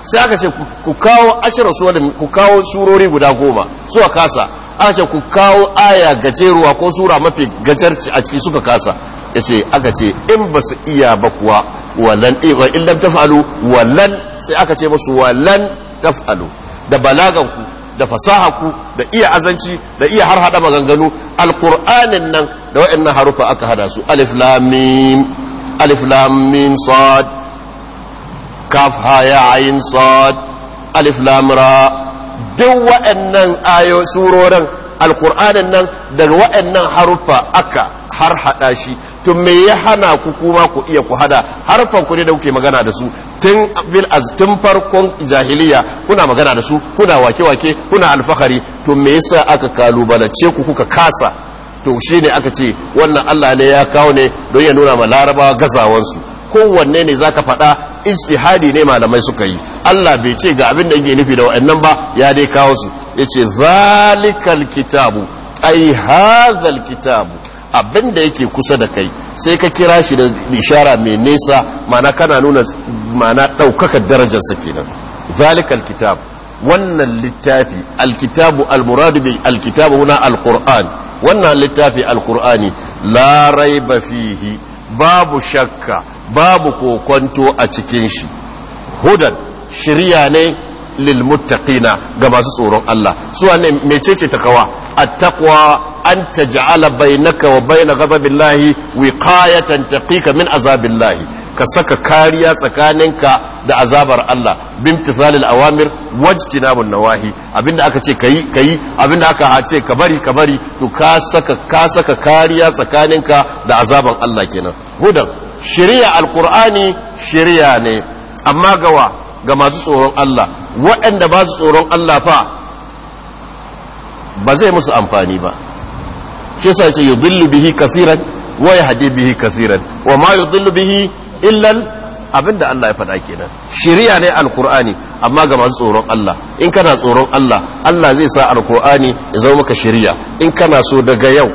sai aka ce ku kawo ashirin suwadin ku kawo surori guda goma suka kasa aka ce ku kawo aya gajeruwa ko sura mafi gajarci a ciki suka kasa ya ce aka ce in ba su iya ba kuwa iya eh, in lam tafalu wallan sai aka ce musu wallan tafalu da balagan ku da fasaha ku da iya azanci da iya har hada maganganu alqur'anin nan da waɗannan harufa aka hada su alif lam alif lam sad kaf ha ya ayin sad alif lam duk waɗannan ayo surorin alkur'anin nan daga waɗannan harufa aka har hada shi to me ya hana ku kuma ku iya ku hada harfan ku ne da kuke magana da su tun bil tun farkon jahiliya kuna magana da su kuna wake wake kuna alfahari to me yasa aka kalubalace ku kuka kasa to shine aka ce wannan Allah ne ya kawo ne don ya nuna ma larabawa gazawansu kowanne ne zaka faɗa ijtihadi ne malamai suka yi Allah bai ce ga abin da yake nufi da wa'annan ba ya dai kawo su yace zalikal kitabu ai hadzal kitabu abin da yake kusa da kai sai ka kira shi da ishara mai nesa mana kana nuna mana ɗaukaka darajarsa kenan zalikal kitab wannan littafi alkitabu almuradu bi alkitabu huna alquran wannan littafi alqurani la raiba fihi babu shakka babu kokonto a cikin shi hudan shirya ne lil muttaqina ga masu tsoron Allah su ne mecece takawa at-taqwa an taj'ala bainaka wa bain ghadabillahi wiqayatan taqika min azabillahi ka saka kariya tsakaninka da azabar Allah bimtithalil awamir wajtinabun nawahi abinda aka ce kayi kayi abinda aka ce ka bari ka bari to ka saka ka saka kariya tsakaninka da azaban Allah kenan hudan shari'a alqur'ani shari'a ne amma gawa ga masu tsoron Allah waɗanda ba su tsoron Allah fa ba zai musu amfani ba shi sai ce yudillu bihi kasiran wa yahdi bihi kasiran wa ma yudillu bihi illa abinda Allah ya faɗa kenan shari'a ne alkur'ani amma ga masu tsoron Allah in kana tsoron Allah Allah zai sa alkur'ani ya zama maka shari'a in kana so daga yau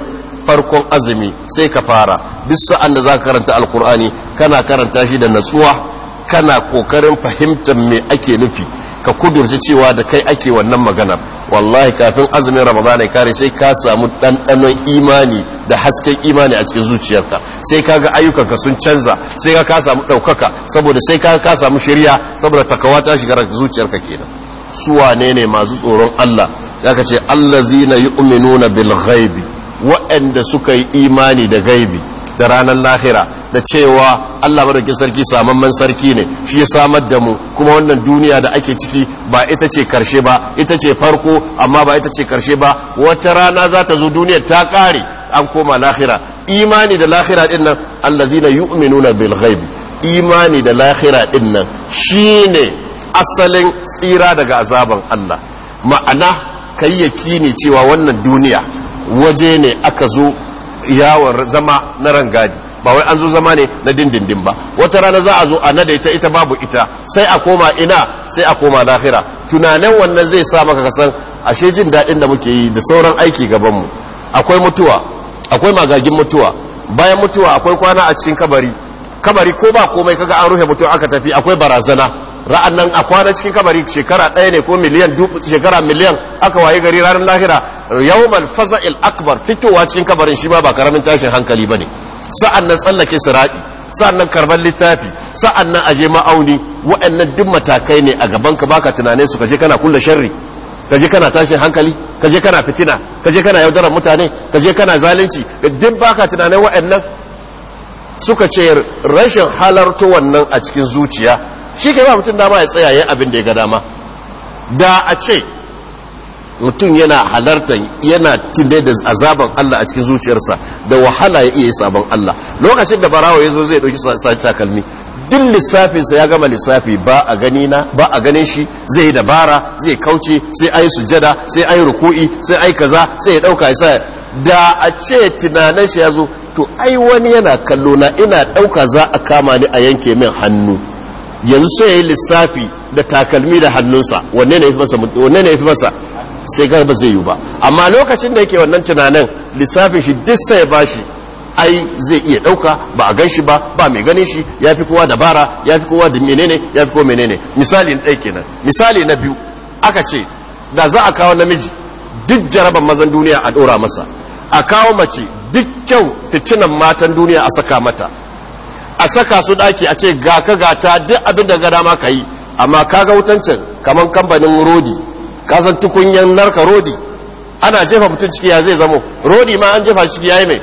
farkon azumi sai ka fara duk sa'an da za karanta alkur'ani kana karanta shi da natsuwa kana kokarin fahimtar me ake nufi ka kudurci cewa da kai ake wannan maganar wallahi kafin azumin ramadan ya kare sai ka samu ɗanɗanon imani da hasken imani a cikin zuciyarka sai ka ga ka sun canza sai ka samu ɗaukaka saboda sai ka ka samu shirya saboda takawa ta shiga zuciyarka kenan su wane ne masu tsoron Allah sai ka ce allazina yu'minuna bil ghaibi wa'anda suka yi imani da gaibi da ranar lahira da cewa Allah madaukin sarki samamman sarki ne shi ya samar da mu kuma wannan duniya da ake ciki ba ita ce karshe ba ita ce farko amma ba ita ce karshe ba wata rana za ta zo duniya ta kare an koma lahira imani da lahira din nan allazina yu'minuna bil ghaib imani da lahira din nan shine asalin tsira daga azaban Allah ma'ana kai yakini cewa wannan duniya waje ne aka zo yawon zama na rangadi ba wai an zo zama ne na dindindin ba wata rana za a zo a nada ita ita babu ita sai a koma ina sai a koma lahira tunanin wannan zai sa maka kasan ashe jin daɗin da muke yi da sauran aiki gabanmu akwai mutuwa akwai magagin mutuwa bayan mutuwa akwai kwana a cikin kabari kabari ko ba komai kaga an rufe mutuwa aka tafi akwai barazana ra'an nan a kwana cikin kabari shekara ɗaya ne ko miliyan shekara miliyan aka waye gari ranar lahira yawmal faza'il akbar fitowa cikin kabarin shi ma ba karamin tashin hankali bane sa'an nan tsallake siraɗi sa'an nan karban littafi sa'an nan aje ma'auni waɗannan duk matakai ne a gaban ka baka tunanin su kaje kana kulla sharri kaje kana tashin hankali kaje kana fitina kaje kana yaudarar mutane kaje kana zalunci duk baka tunanin waɗannan suka ce rashin halarta wannan a cikin zuciya shi ke ba mutum dama ya tsaya abin da ya ga dama da a ce mutum yana halarta yana tunai da azaban Allah a cikin zuciyarsa da wahala ya iya sabon Allah lokacin da barawo ya zo zai ɗauki sace takalmi duk lissafinsa ya gama lissafi ba a gani na ba a ganin shi zai yi dabara zai kauce sai ayi sujada sai ai ruku'i sai ai kaza sai ya ɗauka ya da a ce tunanin shi ya zo to ai wani yana kallo na ina ɗauka za a kama ni a yanke min hannu yanzu sai ya yi lissafi da takalmi da hannunsa wanne ne ya fi masa sai ga ba zai yi ba amma lokacin da yake wannan tunanin lissafin shi duk sai bashi shi ai zai iya dauka ba a gan shi ba ba mai ganin shi ya fi kowa dabara ya fi kowa da menene ya fi kowa menene misali na ɗaya kenan misali na biyu aka ce da za a kawo namiji duk jaraban mazan duniya a ɗora masa a kawo mace duk kyau fitinan matan duniya a saka mata a saka su ɗaki a ce ga ka gata duk abin da ga dama ka amma ka ga wutancin can kamar kambanin rodi kasan tukunyan narka rodi ana jefa mutum ciki ya zai zamo rodi ma an jefa ciki ya yi mai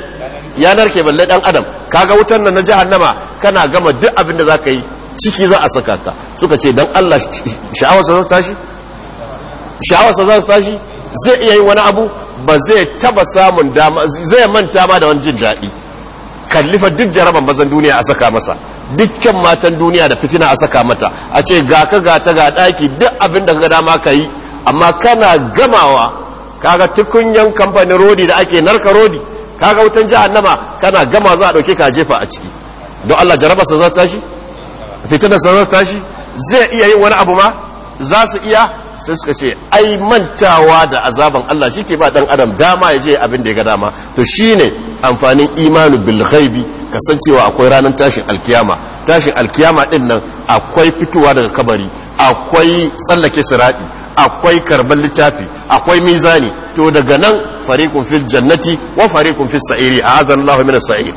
ya narke balle dan adam kaga wutan nan na nama kana gama duk abin da zaka yi ciki za a saka ka suka ce dan Allah sha'awarsa za su tashi za su tashi zai iya yin wani abu ba zai taba samun dama zai manta ma da wani jin daɗi kallifa duk jaraban bazan duniya a saka masa dukkan matan duniya da fitina a saka mata a ce ga ka ga ta ga daki duk abin da ka ga dama ka yi amma kana gamawa kaga tukunyan kamfanin rodi da ake narka rodi kaga wutan jahannama kana gama za a dauke ka jefa a ciki don Allah jaraba sa zata ta fitina sa zata shi zai iya yin wani abu ma za su iya sai suka ce ai mantawa da azaban Allah shi ke ba dan adam dama ya je abin da ya ga dama to shine amfanin imanu bil ghaibi kasancewa akwai ranar tashin alkiyama tashin alkiyama din nan akwai fitowa daga kabari akwai tsallake sirati akwai karban littafi akwai mizani to daga nan fariqun fil jannati wa fariqun fis sa'iri a'adana Allahu sair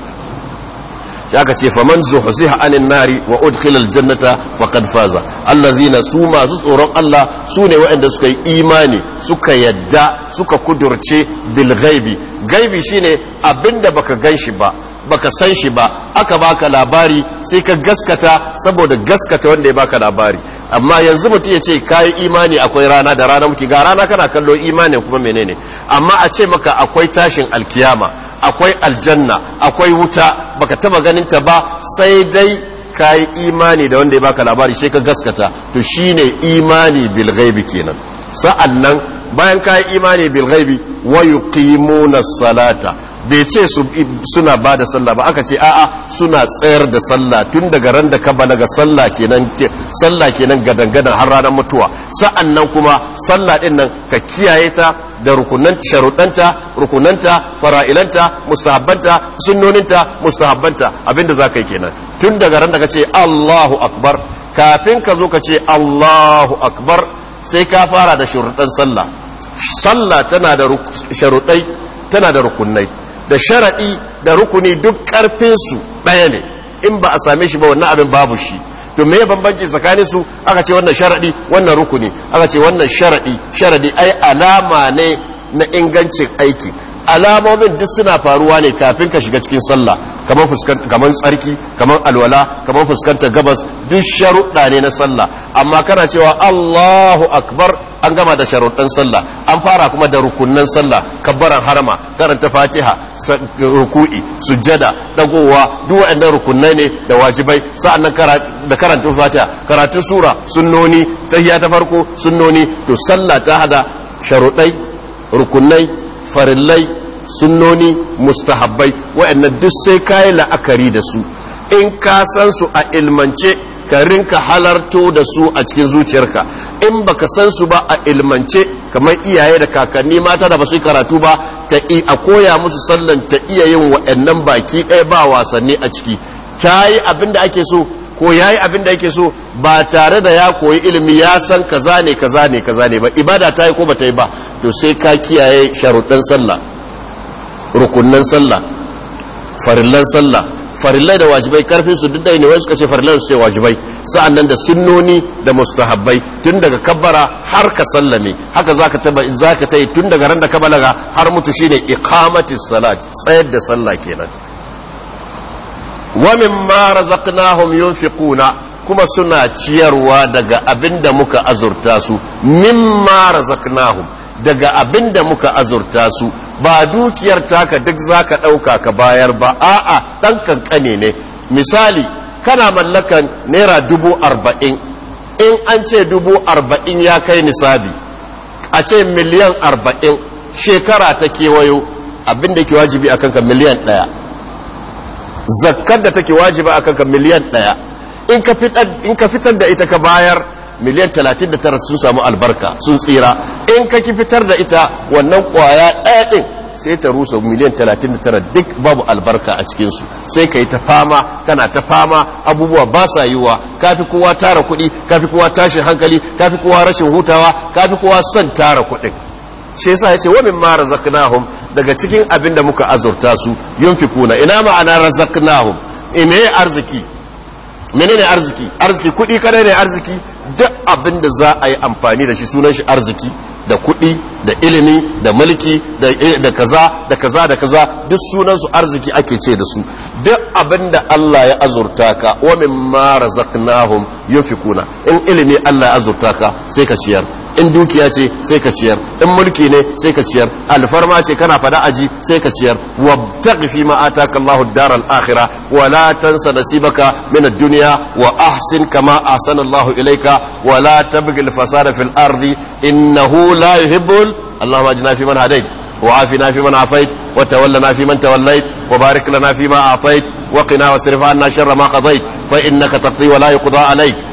sai aka ce faman zuhziha anin nari wa udkhila jannata faqad faza allazina su masu tsoron Allah su ne waɗanda suka yi imani suka yadda suka kudurce bil ghaibi gaibi shine abinda baka ganshi ba baka san shi ba aka baka labari sai ka gaskata saboda gaskata wanda ya baka labari amma yanzu mutum ya ce kayi imani akwai rana da rana muke ga rana kana kallo imani kuma menene amma a ce maka akwai tashin alkiyama akwai aljanna akwai wuta baka taba ganin ta ba sai dai kayi imani da wanda ya baka labari sai ka gaskata to shine imani bil ghaibi kenan sa'annan bayan kayi imani bil ghaibi wa salata bai ce suna ba da sallah ba aka ce a'a suna tsayar da sallah tun daga ran da ka balaga sallah kenan sallah kenan gadangadan har ranar mutuwa sa'an nan kuma sallah din nan ka kiyaye ta da rukunan sharuɗanta rukunanta fara'ilanta mustahabbanta sunnoninta mustahabbanta abinda za ka yi kenan tun daga ran da ka ce Allahu akbar kafin ka zo ka ce Allahu akbar sai ka fara da sharuɗan sallah sallah tana da sharuɗai tana da rukunai da sharaɗi da rukuni duk ƙarfinsu ɗaya ne in ba a same shi ba wannan abin babu shi to me bambanci tsakanin su aka ce wannan sharaɗi wannan rukuni aka ce wannan sharaɗi sharaɗi ai alama ne na ingancin aiki alamomin duk suna faruwa ne kafin ka shiga cikin sallah kamar kamar tsarki kamar alwala kamar fuskantar gabas duk sharuɗa ne na sallah amma kana cewa Allahu akbar an gama da sharuɗan sallah an fara kuma da rukunnan sallah kabbaran harama karanta fatiha ruku'i sujjada dagowa duk waɗannan rukunnai ne da wajibai sa'annan da karanta fatiha karatu sura sunnoni tahiya ta farko sunnoni to sallah ta hada sharuɗai rukunai farillai sunnoni mustahabbai waɗannan duk sai kayi la'akari da su in ka san su a ilmance ka rinka halarto da su a cikin zuciyarka in baka san su ba a ilmance kamar iyaye da kakanni mata da ba su karatu ba ta i a koya musu sallan ta iya yin waɗannan baki ɗaya ba wasanni a ciki ta yi abin da ake so ko ya yi abin da yake so ba tare da ya koyi ilimi ya san kaza ne kaza ne kaza ne ba ibada ta yi ko ba ta yi ba to sai ka kiyaye sharuɗin sallah rukunnan sallah farillan sallah farillai da wajibai karfin su duk da ne suka ce farillan su ce wajibai sa'annan da sunnoni da mustahabbai tun daga kabbara har ka sallame haka zaka taba zaka tai tun daga ran da ka balaga har mutu shine iqamati salat tsayar da sallah kenan wa mimma razaqnahum yunfiquna kuma suna ciyarwa daga abinda muka azurta su mimma razaqnahum daga abinda muka azurta su ba dukiyar taka duk za ka ɗauka ka bayar ba a'a ɗan kankane ne misali kana mallakan naira dubu arba'in in an ce dubu arba'in ya kai nisabi a ce miliyan arba'in shekara ta kewayo abinda ke wajibi a kanka miliyan ɗaya zakkar da take wajibi a kanka miliyan ɗaya in ka fitar da ita ka bayar miliyan 39 sun samu albarka sun tsira in ka ki fitar da ita wannan kwaya ɗaya ɗin sai ta rusa miliyan 39 duk babu albarka a cikinsu sai ka yi ta fama kana ta fama abubuwa ba sa yiwuwa kafi kowa tara kuɗi kafi kowa tashin hankali kafi kowa rashin hutawa kafi kowa son tara kuɗin shi yasa ce wa min ma razaqnahum daga cikin abin da muka azurta su kuna ina ma'ana razaqnahum ime eh, arziki menene arziki arziki kuɗi kaɗai ne arziki duk abin da za a yi amfani da shi sunan shi arziki da kuɗi da ilimi da mulki da eh, kaza da kaza da kaza duk sunansu arziki ake ce da su duk abin da Allah ya azurta ka wa mimma razaqnahum yunfikuna in ilimi Allah ya azurta ka sai ka ciyar in dukiya ce sai ka ciyar in mulki ne sai ka ciyar alfarma ce kana fada aji sai ka ciyar wabtaqi fi ma ataka Allahu ad-daral akhirah wa la tansa nasibaka min ad-dunya wa ahsin kama ahsana Allahu ilayka wa la tabghi al-fasada fil ardi innahu la yuhibbul Allahumma fi man hadayt wa afina fi man afayt wa tawallana fi man tawallayt wa barik lana fi ma a'tayt وقنا واصرف عنا شر ما قضيت فإنك تقضي ولا يقضى عليك